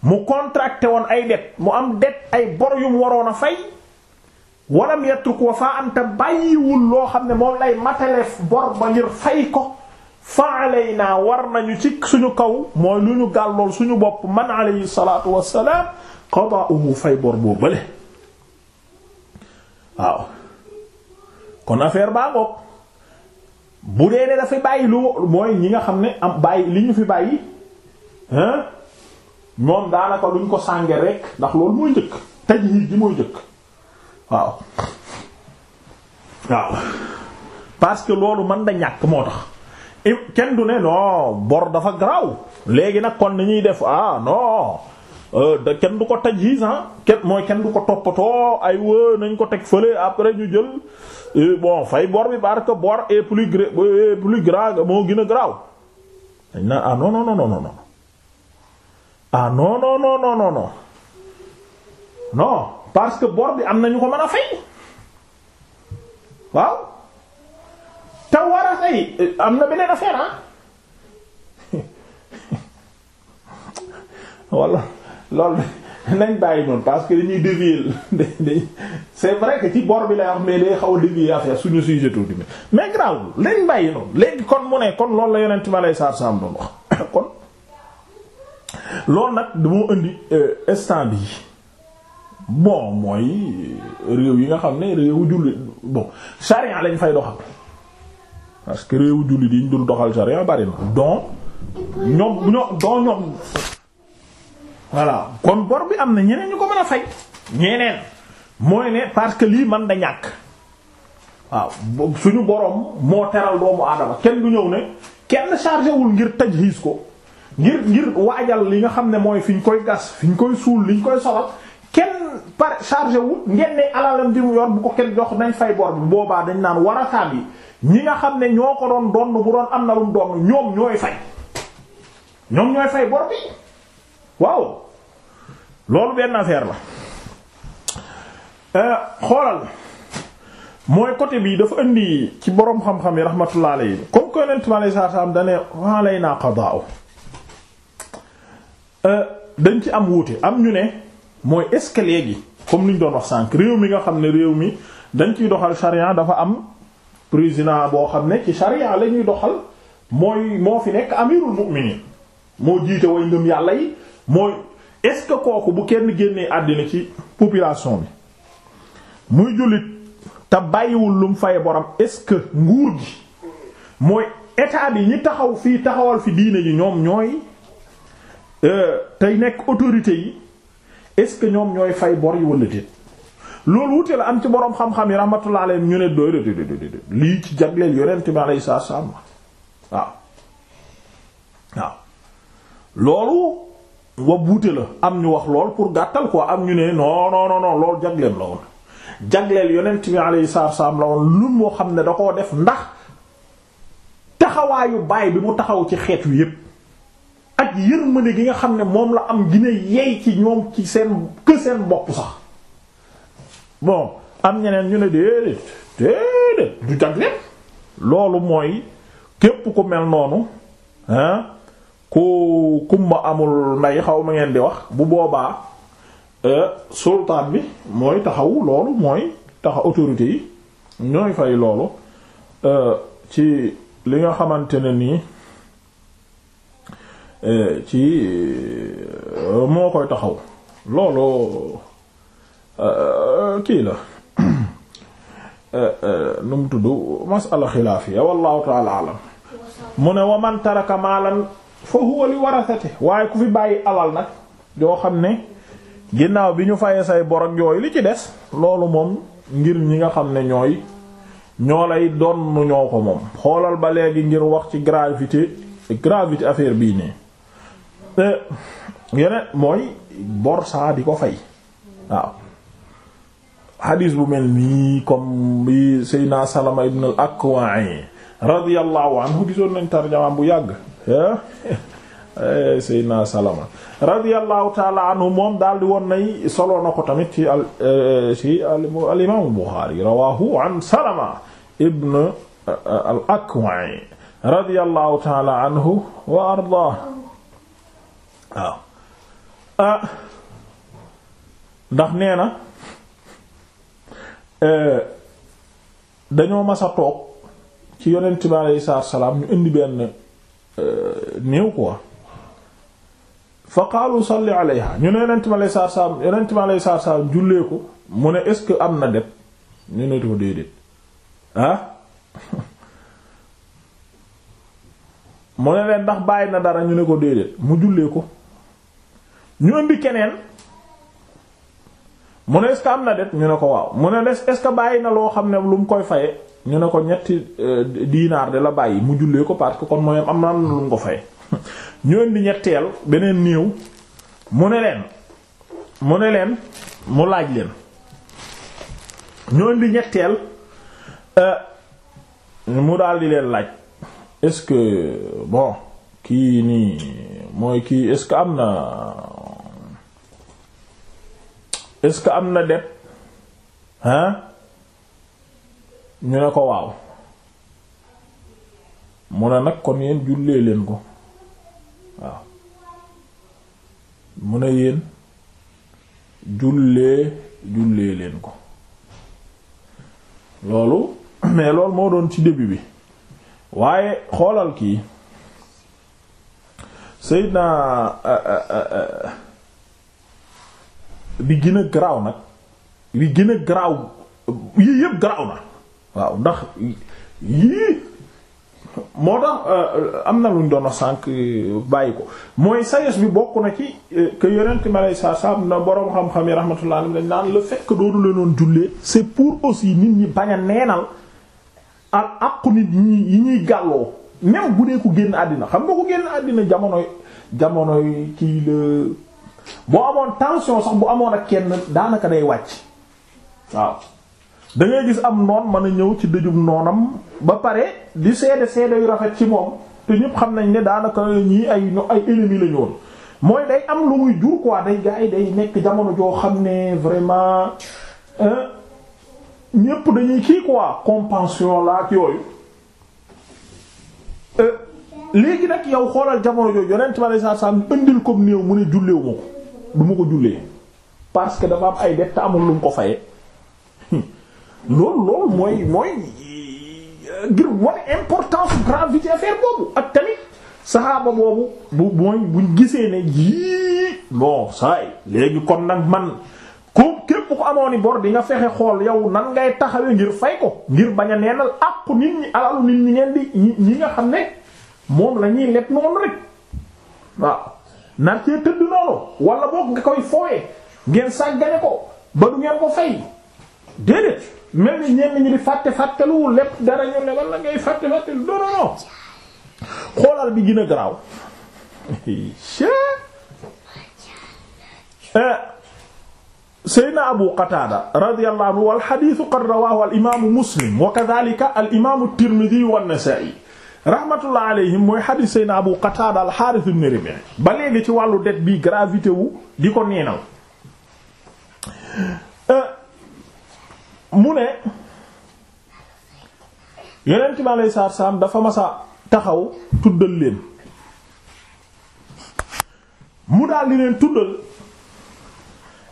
mu contracté woon ay det mu am ay bor yu mu fay walam yatruk wafaa anta bàyyiwul loo xam ne moom lay mataleef bor ngir fay ko fa alaynaa war nañu ci suñu kaw mooy lu ñu gàllool suñu bopp man alayhi salaatu wassalaam qadaa'uhu fay bor boo bële waaw kon affaire baa ngoog bu dee ne dafay bàyyi lu mooy ñi nga xam ne am bàyyi li ñu fi bàyyi hein moom daanaka luñ ko sànge rek ndax loolu mooy njëkk tajhiid gi mooy njëkk waaw waaw parce que loolu man da ñàkk moo tax kenn du ne non bor dafa garaaw léegi nag kon nañuy def ah non euh, da kenn du ko tajhiis ah kenn mooy kenn du ko toppatoo ay wë nañ ko teg fële après ñu jël euh, bon fay bor bi parce que bor est plus plus moo gën a garaaw dañ na ah, ah non non non non non parce que bor bi am nañu ko mën a fay waaw te warasa am na beneen affaire ah wala loolu nañ bàyyi noonu parce que dañuy dévier c'est vrai que ci bor bi lay am mais day xaw a dévier suñu sujet tuuti mais grave lañ bàyyi noonu léegi kon mu ne kon loolu la yonent ma lay saar saam doon wax kon loolu nag damoo indi euh, instant bi bon mooy euh, réew yi nga xam ne réewu julli bon charia lañ fay doxal parce que réewu jullit yi ñu dul doxal sharia bari na donc ñoom ñoom donc ñoom voilà kon bor bi am na ñeneen ñu ko mën a fay ñeneen mooy ne parce que lii man da ñàkk waaw suñu boroom moo teral doomu aadama kenn du ñëw ne kenn chargé wul ngir tajhiis ko ngir ngir waajal li nga xam ne mooy fi ñu koy gas fi ñu koy suul li ñu koy solal kenn par chargé wul ngeen ne alalam bi mu yor bu ko kenn jox nañ fay bor bi boobaa dañ naan warasaam yi ñi nga xam ne ñoo ko doon donn bu doon am na lu donn ñoom ñooy fay ñoom ñooy fay bor bi waaw loolu benn affaire la euh, xoolal mooy côté bii dafa indi ci boroom xam-xam yi rahmatullah alayhi comme que yonent bi alayhi salaam da ne wa laynaa qadaa euh, dañ ci am wuute am ñu ne mooy est-ce que comme ni ñu doon wax sànq réew mi nga xam ne réew mi dañ ciy doxal charia dafa am. président boo xam ne ci charia la ñuy doxal mooy moo fi nekk amirul mu'minin moo jiite way ngëm yàlla yi mooy est-ce que kooku bu kenn génnee àddina ci population bi muy jullit te bàyyiwul lum fay borom est-ce que nguur gi mooy état bi ñi taxaw fii taxawal fi diine yi ñoom ñooy euh, tey nekk autorité yi est-ce que ñoom ñooy fay bor yi walla loolu wute la am ci boroom xam-xam yi rahmatullah alayhi ñu ne doy la déedéet lii ci jagleel yonent bi alayhi salaam waaw waaw loolu wa wuute la am ñu wax lool pour gàttal quoi am ñu ne non non non loolu jagleem la woon jagleel yonent bi alayhi salaam la woon lu moo xam ne da koo def ndax taxawaayu baay bi mu taxaw ci xeet wi yépp ak yërmande gi nga xam ne moom la am gine yey ci ñoom ci seen que seen bopp sax. bon am ñeneen ñu ne déedéet déedéet du jagleel loolu mooy képp ku mel noonu hein ku kumba amul nday xaw ma ngeen di wax bu boobaa euh, sultaan bi mooy taxaw loolu mooy taxaw autorité yi ñooy fay loolu euh, ci li nga xamante ne nii euh, ci moo koy taxaw loolu Euh, kii la euh, euh, nu mu tudd masala xilaafiya wallahu taala alam mu ne wa man taraka maalan fa huwa li warasati waaye ku fi bàyyi alal nag yoo xam ne ginnaaw bi ñu fayee say borog yooyu li ci des loolu moom ngir ñi nga xam ne ñooy ñoo lay doon nu ñoo ko moom xoolal ba léegi ngir wax ci gravité gravité affaire bii nii yeneen mooy bor saa di ko fay waaw xadiis bu mel nii comme bi Seydina Salama ibn al-Akwa'i radiyallahu anhu gisoon nañ tarjamaam bu yàgg eh, Seydina Salama radiyallahu taala anhu moom daal di woon nay soloo na ko tamit ci al eh, ci al imaamu Buxaari rawaahu an Salama ibn eh, al-Akwa'i radiyallahu taala anhu wa ardaah waaw ah. ndax nee na Euh, dañoo masa toog ci yonent bi aleyhi salaatu salaam ñu indi benn euh, néew quoi fa qaalu salli alayha ñu ne yonent bi aleyhi salaatu salaam yonent bi aleyhi salaatu salaam jullee ko mu ne est-ce que am na def ñu ne ko déedéet ah mu ne leen ndax bàyyi na dara ñu ne ko déedéet mu jullee ko ñu indi keneen. mu ne est am na det ñu ne ko waaw mu ne est-ce que bàyyi na loo xam ne lu mu koy fayee ñu ne ko ñetti euh, diinaar de la bàyyi mu jullee ko parce que kon mooy am na lu mu ko faye ñu indi beneen néew mu ne leen mu ne leen mu laaj leen ñu indi euh, mu daal di leen laaj est-ce que bon kii nii kii est-ce que am na est-ce que am na det hein ñu ne ko waaw mu ne nag kon yéen jullee leen ko waaw mu ne yéen jullee jullee leen ko loolu mais loolu moo doon ci début bi waaye xoolal kii Seydina euh, euh, euh, bi gën a garaaw nag bi gën a garaaw yii yëpp garaaw na waaw ndax yii moo tax euh, am na luñ doon a sànq bàyyi ko mooy sayes bi bokk na ci euh, que yonent mi aleyhi salaatu salaam na boroom xam-xam yi rahmatullah alayhi dañ naan le fait que doonu la doon jullee c'est nit ñi bañ a neenal nit ñi yi ñuy gàlloo même bu dee ko génn àddina xam nga ko génn àddina jamonoy jamonoy kii la boo amoon tension sax bu amoon ak kenn daanaka day wàcc waaw dangay gis am noon mën a ñëw ci dëjub noonam ba pare di seede seede yu rafet ci moom te ñëpp xam nañ ne daanaka ñii ay ay ennemis la ñu mooy day am lu muy jur quoi day gars yi day nekk jamono joo xam ne vraiment ñëpp dañuy kii quoi compassion la ak yooyu. Euh, léegi nag yow xoolal jamono jooju yonent bi sallallahu alayhi wasallam indil ko néew mu ne julleewu ma ko. du ma ko jullee parce que dafa am ay det te amul lu ko fayee hmm. loolu loolu mooy mooy euh, ngir wane importance gravité affaire boobu ak tamit saxaaba boobu bu buñ gisee ne yii bon saay léegi kon nag man ku képp ko amoon i bor di nga fexe xool yow nan ngay taxawee ngir fay ko ngir bañ a neenal àqu nit ñi alalu nit ñi nga xam ne moom la ñuy noonu rek waaw nar cee tëdd noonu wala boog nga koy fooye ngeen sàggane ko ba du ngeen ko fay déedéet mel ni ñenn ñi di fàtte fàttelu lépp dara ñu ne wala ngay fàtte fàttelu non non non xoolal bi gën a garaaw. Eh, Seydina Abu Qatada radiyallahu anhu wal hadith qad rawahu al imaamu Muslim wa kadhalika al imaamu Tirmidhi wa an-Nasa'i rahmatullah alayhim mooy xadiis sayna Abu Qatada al-Harith ibn ba léegi ci wàllu det bi gravité wu di ko neenal euh, mu ne yonent bi dafa masa taxaw tuddal leen mu daal di leen tuddal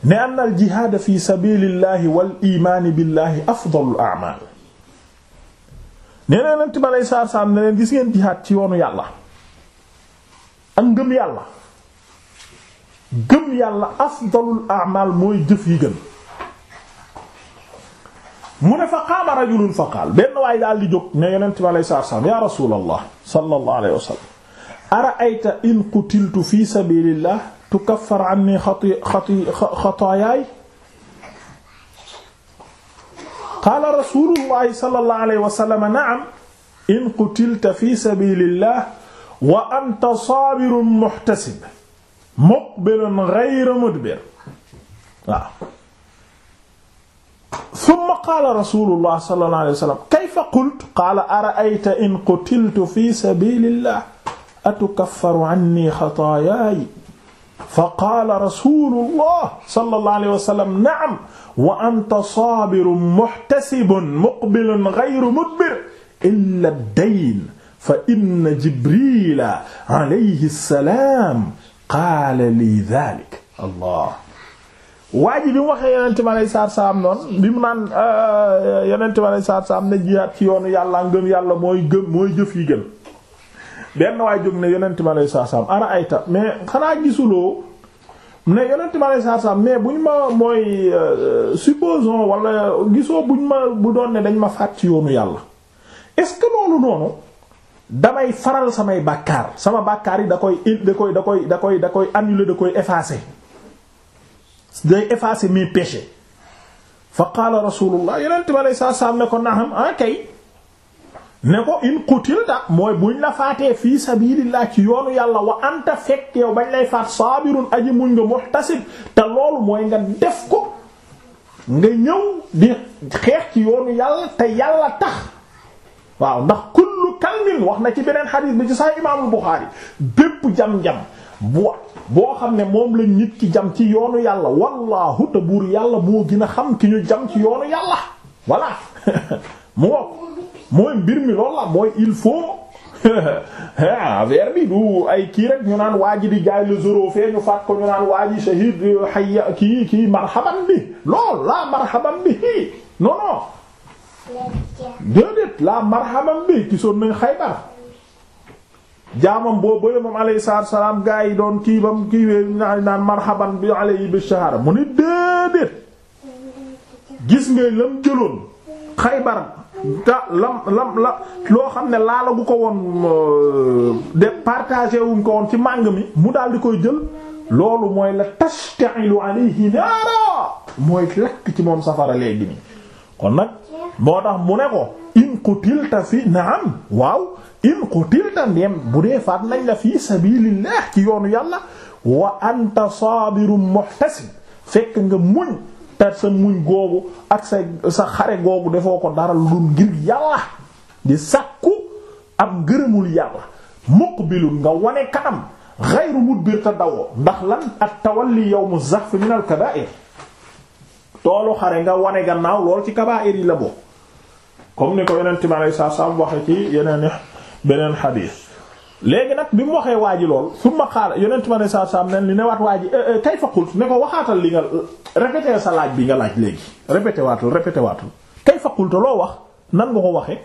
ne anna al jihaad fi sabiilillahi wal iimaani billahi afdalul a'maal nee na yonent bi aleyhi salaatu salaam ne leen gis ngeen jihaad ci yoonu yàlla ak ngëm yàlla gëm yàlla afdalul a'mal mooy jëf yi gën mu ne fa qaama rajulun fa qaal benn waay daal di jóg ne yonent bi aleyhi salaatu salaam yaa rasuulallah sallallahu alayhi wa sallam ara'ayta in qutiltu fi sabiilillah tukaffar anni xati xati xataayaay qaala rasulullahi sallallahu alayhi wa sallam na'am in qutilta fi sabilillah wa anta saabirun muhtasib muqbilun ghayra mudbir waaw summa qaala rasulullah sallallahu alayhi wa sallam kayfa qultu qaala ara'ayta in qutiltu fi sabilillah atukaffaru anni xataayaaya fa qaala rasulullah sallallahu alayhi wa sallam naam wa anta saabirun muhtasibun muqbilun ghayru mudbir illa ad-dayn fa inna jibrila alayhi salaam qaala li dhalik allah waa ji bi mu waxee yonente bi alayhi salaatu salaam noonu bi mu naan euh, yonente bi alayhi salaatu salaam ne jihaad ci yoonu yàlla ngëm yàlla mooy gëm mooy jëf yi gën benn waay jóg ne yonent ma lay saasam ana ayta mais xanaa gisuloo ne yonent ma lay saasam mais buñ ma mooy euh, supposons wala gisoo buñ ma bu doon ne dañ ma faat ci yoonu yàlla est-ce que loolu noonu damay faral samay bàkkaar sama bàkkaar yi da koy da koy da koy da koy da koy annuler da koy effacer day effacer mes péchés fa qaala rasulullah yonent ma lay saasam ne ko naam ah kay ne ko in qutilta mooy buñ la faatee fii sabilillah ci yoonu yàlla wa anta fekk yow bañ lay faat saabirun aji muñ nga muhtasib te loolu mooy nga def ko nga ñëw di xeex ci yoonu yàlla te yàlla tax waaw ndax kullu kalmin wax na ci beneen xadiis bi ci sax imaamul Buxaari bépp jam-jam boo xam ne moom lañ nit ki jam ci yoonu yàlla wallaahu te buur yàlla moo gën xam ki ñu jam ci yoonu yàlla voilà mooy mbir mi loolu la mooy il faut affaire bi du ay kii ñu naan waa ji di jaay le zéro fee ñu naan waa ji shahid kii kii marhaban bi lool la marhaban bi i non non la marhaban bi gisoon nañ Xaybar jaamam boo bële moom salaam gaa doon kii bam kiiwee naan marhaban bi alayhi bi shahara mu ni déedéet gis nga lam jëloon Xaybar da lam la loo xam ne laala gu ko woon euh, de partagé wuñ ko woon ci màng mi mu daal di koy jël loolu mooy la tashta'ilu alayhi naara mooy lakk ci moom safara léegi nii kon nag moo tax mu ne ko in qutilta fi naam waaw in qutilta ndeem bu dee faat lañ la fi sabilillah ci yoonu yàlla wa anta sabirun muhtasin fekk nga muñ te sa muñ googu ak sa sa xare googu defoo ko dara lu ngir yàlla di sàkku am gërëmul yàlla muqbilun nga wane kanam ghayru mudbir te dawoo ndax lan ak tawal li yow mu yawmu zahf min al kaba'ir toolu xare nga wane gannaaw lool ci kaba'ir yi la bokk comme ni ko yeneen timaale saa saa mu waxe ci yeneen beneen xadiis léegi nag bi mu waxee waaji lool fu ma xaar yonent ma ne saa saa am li ne waat waa ji eh, eh, kay fa qult ne ko waxaatal li nga répété sa laaj bi nga laaj léegi répété waatul répété waatul kay fa qult loo wax nan nga ko waxee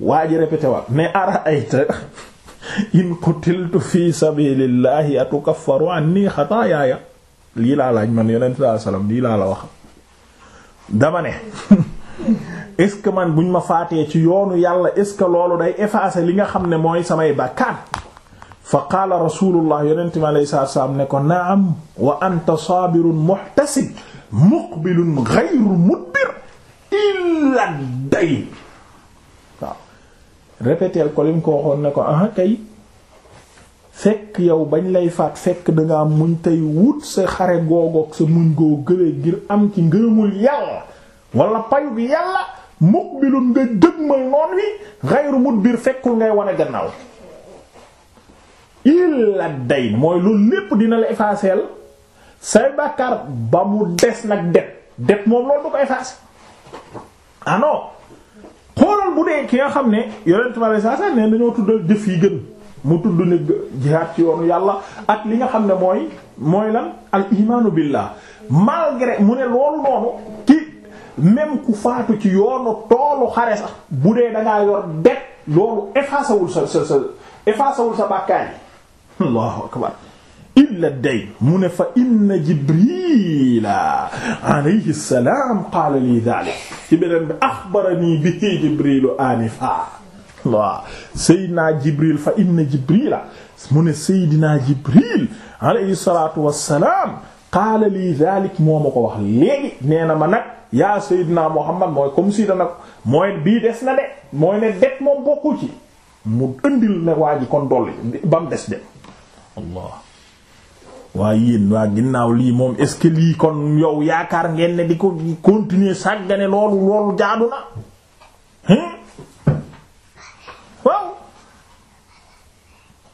waa ji répété waat mais ara ayta in qutiltu fi sabilillahi atukaffaru anni xataayaaya lii laa laaj man yonent saa salaam lii laa la wax dama ne est-ce que man buñ ma faatee ci yoonu yàlla est-ce que loolu day effacer li nga xam ne mooy samay bàkkaar fa qaala rasulullah yonente mi alayhi salaatu salaam ne ko naam wa anta saabirun muhtasib muqbilun ghayru mudbir illa dayn waaw répéteel ko lim ko waxoon ne ko aha kay fekk yow bañ lay faat fekk dangaa muñ tey wut sa xare googoog sa muñ goo gëlee ngir am ci ngërëmul yàlla wala payu bi yàlla muqbilun nga dëgmal noon wi ghayru biir fekkul ngay wane gannaaw illa dayn mooy lu népp dina la effacer say bàkkaar ba mu des nag det det moom loolu du ko effacer ah xoolal bu dee ki nga xam ne yonent bi sallallahu ne dañoo tuddal jëf yi gën mu tudd ne jihaad ci yoonu yàlla ak li nga xam ne mooy mooy lan al imaanu billah malgré mu ne loolu noonu ki même ku faatu ci yoonu toolu xare sax bu dee da ngaa yor det loolu effacé wul sa sa sa effacé wul sa bàkkaar yi allahu akbar illa dayn mu ne fa inna jibrila alayhi salaam qaala lii daalik ci beneen bi axbaranii bihi jibrilu anifa waaw seydinaa jibril fa inna jibrila mu ne seydinaa jibril alayhi salaatu wassalaam qaala lii daalik moo ma ko wax léegi nee na ma nag yaa Seydina Muhammad mooy comme si dana mooy bii des na de mooy ne det moom bokku ci mu ëndil ne waa ji kon dolli ba mu des dem allah waaye yéen waa yaakaar ngeen ne di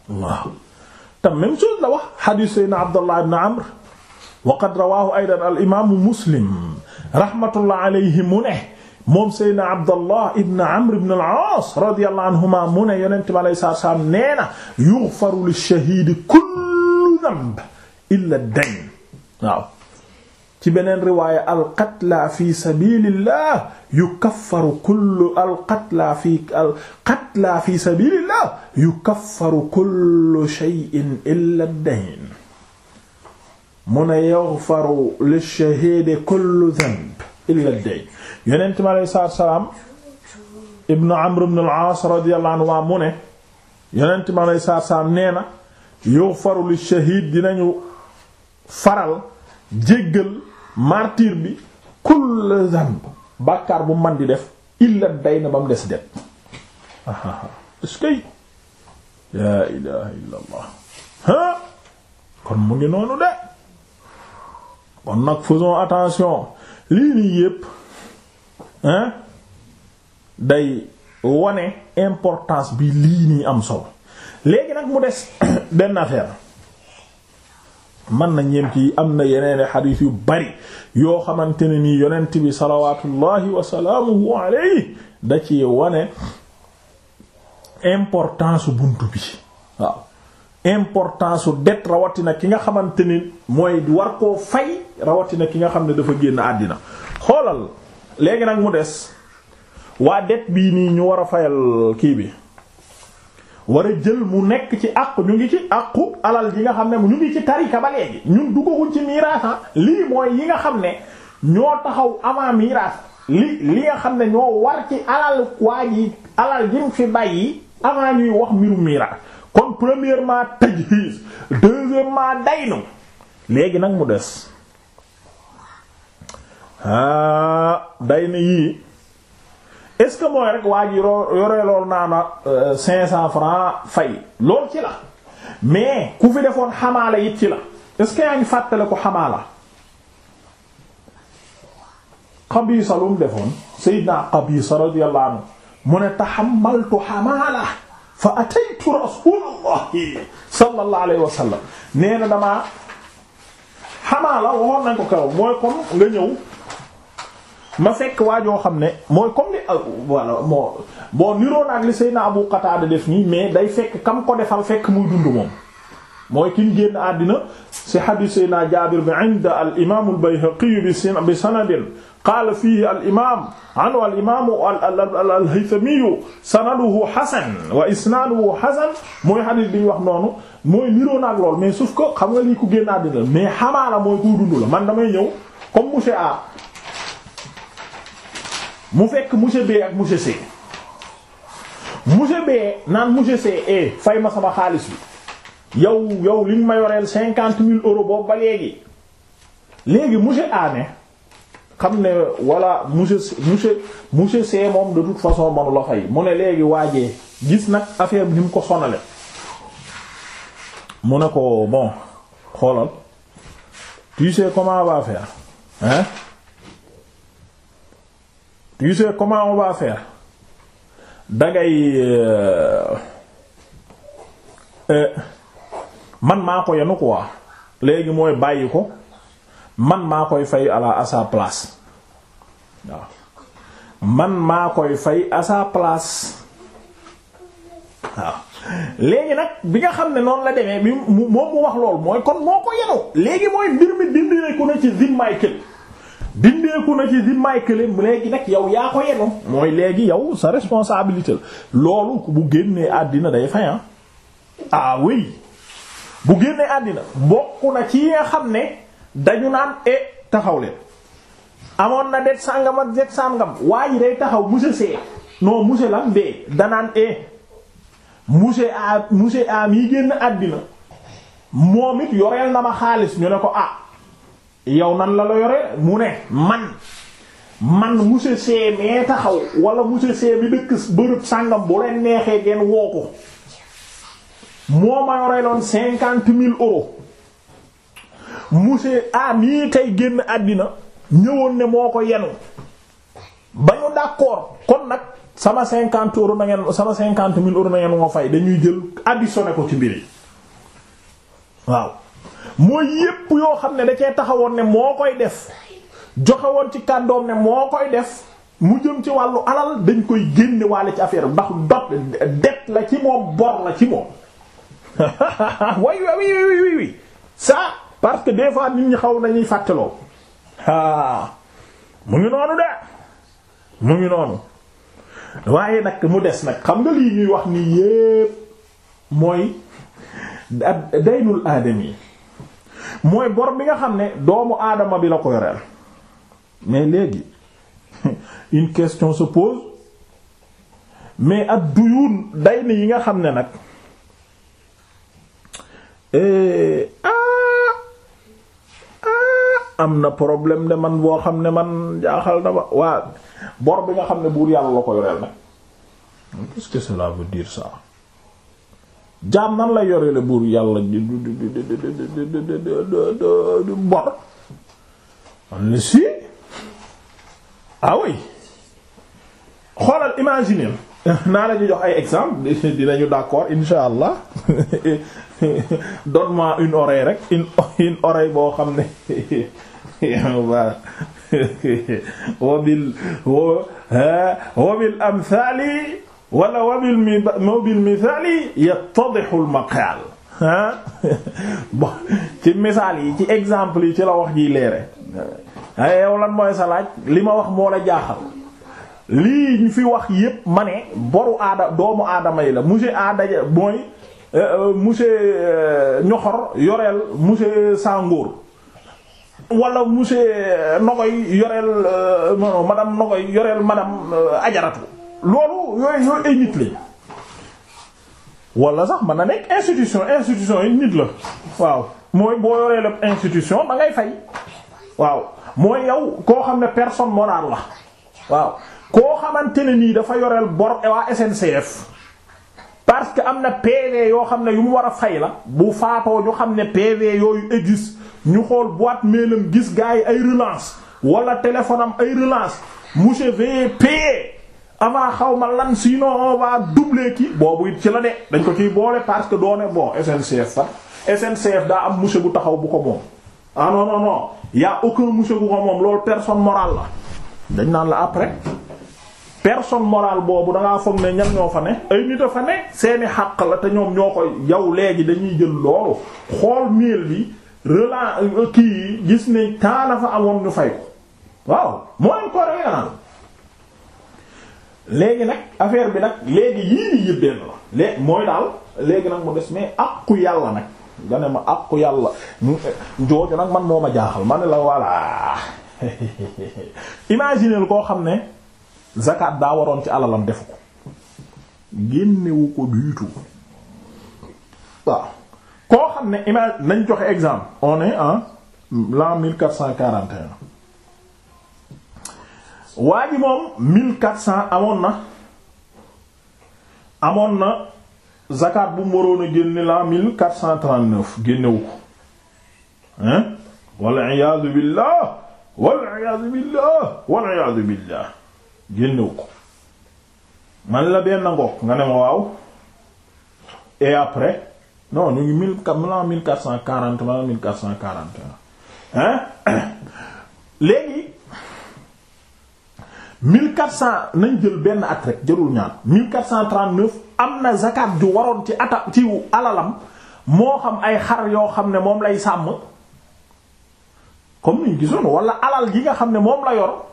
na hmm? wax hadith Seydina Abdallah ibn Amr wa qad rawaahu aydan al imaamu muslim rahmatullah alayhi mu ne moom Seydina Abdallah Ibn Amr Ibn al-Aas radiyallahu anhuma mu ne yonent bi alayhi salaatu salaam nee na yughfaru lish-shahiid kullu dhanb illa ad-dayn waaw. ci beneen riwaaya al-qatla fi sabiilillah yukaffaru kullu al-qatla fi al-qatla fi sabiilillah yukaffaru kullu shay'in illa ad-dayn mu ne yaghfaru lishahidi kullu dhanb illa ad-dayn yonent mi aleyhi salaatu salaam ibnu amr ibn aas radiyallahu anhu waa mu ne yonent mi aleyhi salaatu salaam nee na yughfaru lishahid dinañu faral jéggal martyr bi kullu dhanb bàkkaar bu man di def illa ad-dayn ba mu des det est-ce que laa illa allah ha kon mu ngi noonu de kon nag faisons attention lii nii yépp hein day wane importance bi lii nii am solo léegi nag mu des benn affaire mën na yem ci am na yeneen xadiis yu bari yoo xamante ne nii yonent bi salawaatullahi wa salaamuhu alayhi da ci wane importance buntu bi waaw importance su det rawatina ki nga xamante ni mooy war koo fay rawatina ki nga xam ne dafa génn àddina xoolal léegi nag mu des waa det bii nii ñu war a fayal kii bi war a jël mu nekk ci àqu ñu ngi ci àqu alal yi nga xam ne ñu ngi ci tarika ba léegi ñun duggaguñ ci miraas lii mooy yi nga xam ne ñoo taxaw avant miraas li li nga xam ne ñoo war ci alal waa ji alal ji fi bàyyi avant ñuy wax mbiru miraas kon premièrement tajhiz deuxièmement daynu léegi nag mu des ah daynu yii est-ce que mooy rek waa ji yore lool naa na 500 francs fay lool ci la mais ku fi defoon xamaala it ci la est-ce que yaa ngi fàttale ko xamaala qabisa lu mu defoon sayyidna qabisa radiyallahu anhu mu ne taxammaltu xamaala fa ataytu rasulallahi sallallahu alayhi wa sallam nee na damaa xamaa la waxoon nañ ko kaw mooy comme nga ñëw ma fekk waa joo xam ne mooy comme li euh, voilà moo bon niroo naag li Seydina Abu Qatada def nii mais day fekk kam ko defal fekk muy dund moom mooy ki ñu génn àddina si hadith Seydina Jaabir bi inda al imam al Bayhaqi bi sanadin qaala fiihi al imaam anhu al imaam al haythamiyu sanaduhu hasan wa isnaaduhu hasan mooy hadith bi ñu wax noonu mooy niroo na ak lool mais sauf que xam nga lii ku génn àddina la mais xamaala mooy kuy dund la man damay ñëw comme monsieur mu fekk monsieur B ak monsieur C monsieur B naan monsieur C eh fay ma sama xaalis bi yow yow li ñu ma yoreel cinquante mille euros boobu ba léegi léegi monsieur ne. xam ne voilà monsieur monsieur monsieur C moom de toute façon manu la fay mu ne léegi waajee gis nag affaire bi ni mu ko sonale mu ne ko bon xoolal tu sais comment on affaire faire hein tu sais comment on va dangay euh, euh, man maa ko yenu quoi léegi mooy bàyyi ko man maa koy fay ala à place waaw man maa koy fay à sa place waaw léegi nag bi nga xam ne noonu la demee bi mu moom mu wax lool mooy kon moo ko yenu léegi mooy mbir mi dindeeku na ci zimmaay kële dindeeku na ci zimmaay kële léegi nag yow yaa ko yenu mooy léegi yow sa responsabilité la loolu bu génnee àddina day fay ah, ah oui bu génnee àddina bokk na ci nga xam ne. dañu naan e taxaw leen amoon na det sàngam ak det sàngam waa day taxaw monsieur C non monsieur lam B danaan e monsieur A monsieur A mii génn àddina moom it yoreel na ma xaalis ñu ne ko ah yow nan la la yore mu ne man man muse C mee taxaw wala monsieur C bi dëkk bërëb sàngam bu leen neexee ngeen woo ko moo ma yoreeloon cinquante mille euros monsieur a mii tey génn àddina ñëwoon ne moo ko yenu ba ñu d'accord kon nag sama cinquante euros na ngeen sama cinquante mille euros na ngeen moo fay dañuy jël additionné ko ci mbir yi waaw mooy yépp yoo xam ne da cee taxawoon ne moo koy def joxe woon ci kàddoom ne moo koy def mu jëm ci wàllu alal dañ koy génne waale ci affaire ndax dot det la ci moom bor la ci moom way way way way ça parce que des fois nit ñi xaw nañuy fàttaloo ah mu ngi noonu de mu ngi noonu waaye nag mu des nag xam nga lii ñuy wax nii yépp mooy daynul aadami mooy borom bi nga xam ne doomu aadama bi la ko yoreel mais léegi une question se pose mais ak duyun dayn yi nga xam ne nag eh, ah, am na problème de man boo xam ne man jaaxal na ba waa bor bi nga xam ne buur yàlla la ko yoreel nag qu'est-ce que cela veut dire ça jaam nan la yoreele buur yàlla bor am na si ah xoolal imaginer naa la jox ay exemple dinañu d'accord insha allah donne une oreille rek une une boo xam ne voilà wabil wabil amthali wala wabil mi wabil mithali yattadixu almaqaal ah bon ci misaal yi ci exemple yi ci la wax jiy leere ay yow lan mooy sa li ma wax moo la jaaxal lii ñu fi wax yépp ma ne boru aada doomu aadama yi la monsieur aada mooy euh, euh, monsieur ñoxor euh, yoreel monsieur Sangoor wala monsieur Nogoy yoreel non madame Nogoy yoreel madame Ajaratu loolu yooyu yooyu ay nit lañ wala sax mën nekk institution institution yi nit la waaw mooy boo yoreel institution da fay waaw mooy yow koo xam ne personne morale la waaw. koo xamante ne nii dafa yoreel bor waa SNCF parce que am na PV yoo xam ne yu mu war a fay la bu faatoo ñu xam ne PV yooyu existe ñu xool boîte mailam gis gars yi ay relance wala téléphone ay relance monsieur veuillez payer avant xaw ma lan sinon on va doubler kii boobu it ci la de dañ ko ciy boole parce que doone boo SNCF fa SNCF daa am monsieur bu taxaw bu ko moom ah non non non y bu ko moom loolu personne morale la dañ naan la après personne morale boobu da ngaa foog ne ñan ñoo fa ne ay nit a fa ne seeni xàq la te ñoom ñoo koy yow léegi dañuy jël loolu xool miel bi relan euh, kii yi gis ne temps la fa amoon ñu fay ko waaw mooy coréen léegi nag affaire bi nag léegi yii nii yëpp benn la léegi mooy daal léegi nag mu des mais àqu yàlla nag nga ma àqu yàlla euh, jooju nag man moo ma jaaxal ma ne la voilà imaginer koo xam ne. zakat daa waroon ci alalam defu ko génnewu ko du tout waaw koo xam ne image nañ joxe exemple on est en l'an 1441 waa ji moom 1400 amoon na amoon na zakat bu mu waroon a génne l'an 1439 génnewu ko hein wal iyaadu billah wal iyaadu billah wal iyaadu billah génnewu ko man la benn ngoog nga ne ma waaw et après non ñu mil mille quatre cent quarante maanaam mille quatre cent quarante hein léegi mille quatre cent nañ jël benn at rek jëlul ñaar mille quatre cent trente-neuf am na zakat ju waroon ci ata ci alalam moo xam ay xar yoo xam ne moom lay sàmm comme niñ gisoon wala alal yi nga xam ne moom la yor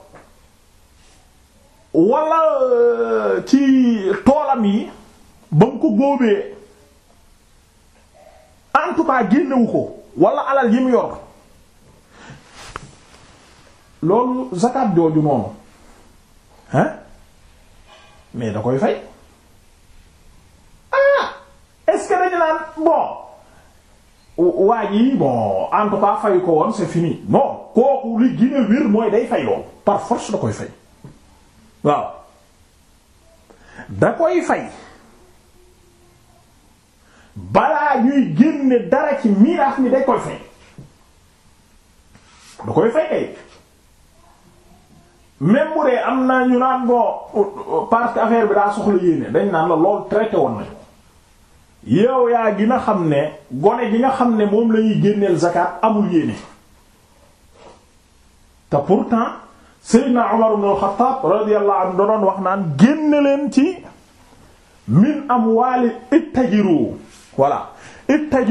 wala euh, ci toolam yi ba mu ko góobee en tout cas génnewu ko wala alal yi mu yor loolu zakat jooju noonu hein mais da koy fay ah est-ce que dañu naan bon waa ji bon en tout cas fay ko woon c'est fini non kooku li gën a wér mooy day fay loolu par force da koy fay waaw da koy fay balaa ñuy génne dara ci miraas mi day koy fay da koy fay kay même bu am naa ñu naan boo parce que affaire bi daa soxla yéene dañ naan la lool traité woon nañu yow yaa gi nga xam ne gone gi nga xam ne moom lañuy génneel zakat amul yéene te pourtant Seydina Umar ibn al-Khattab radiyallahu anhu doon wax naan génn leen ci min amwaali ittajiru voilà ittajiru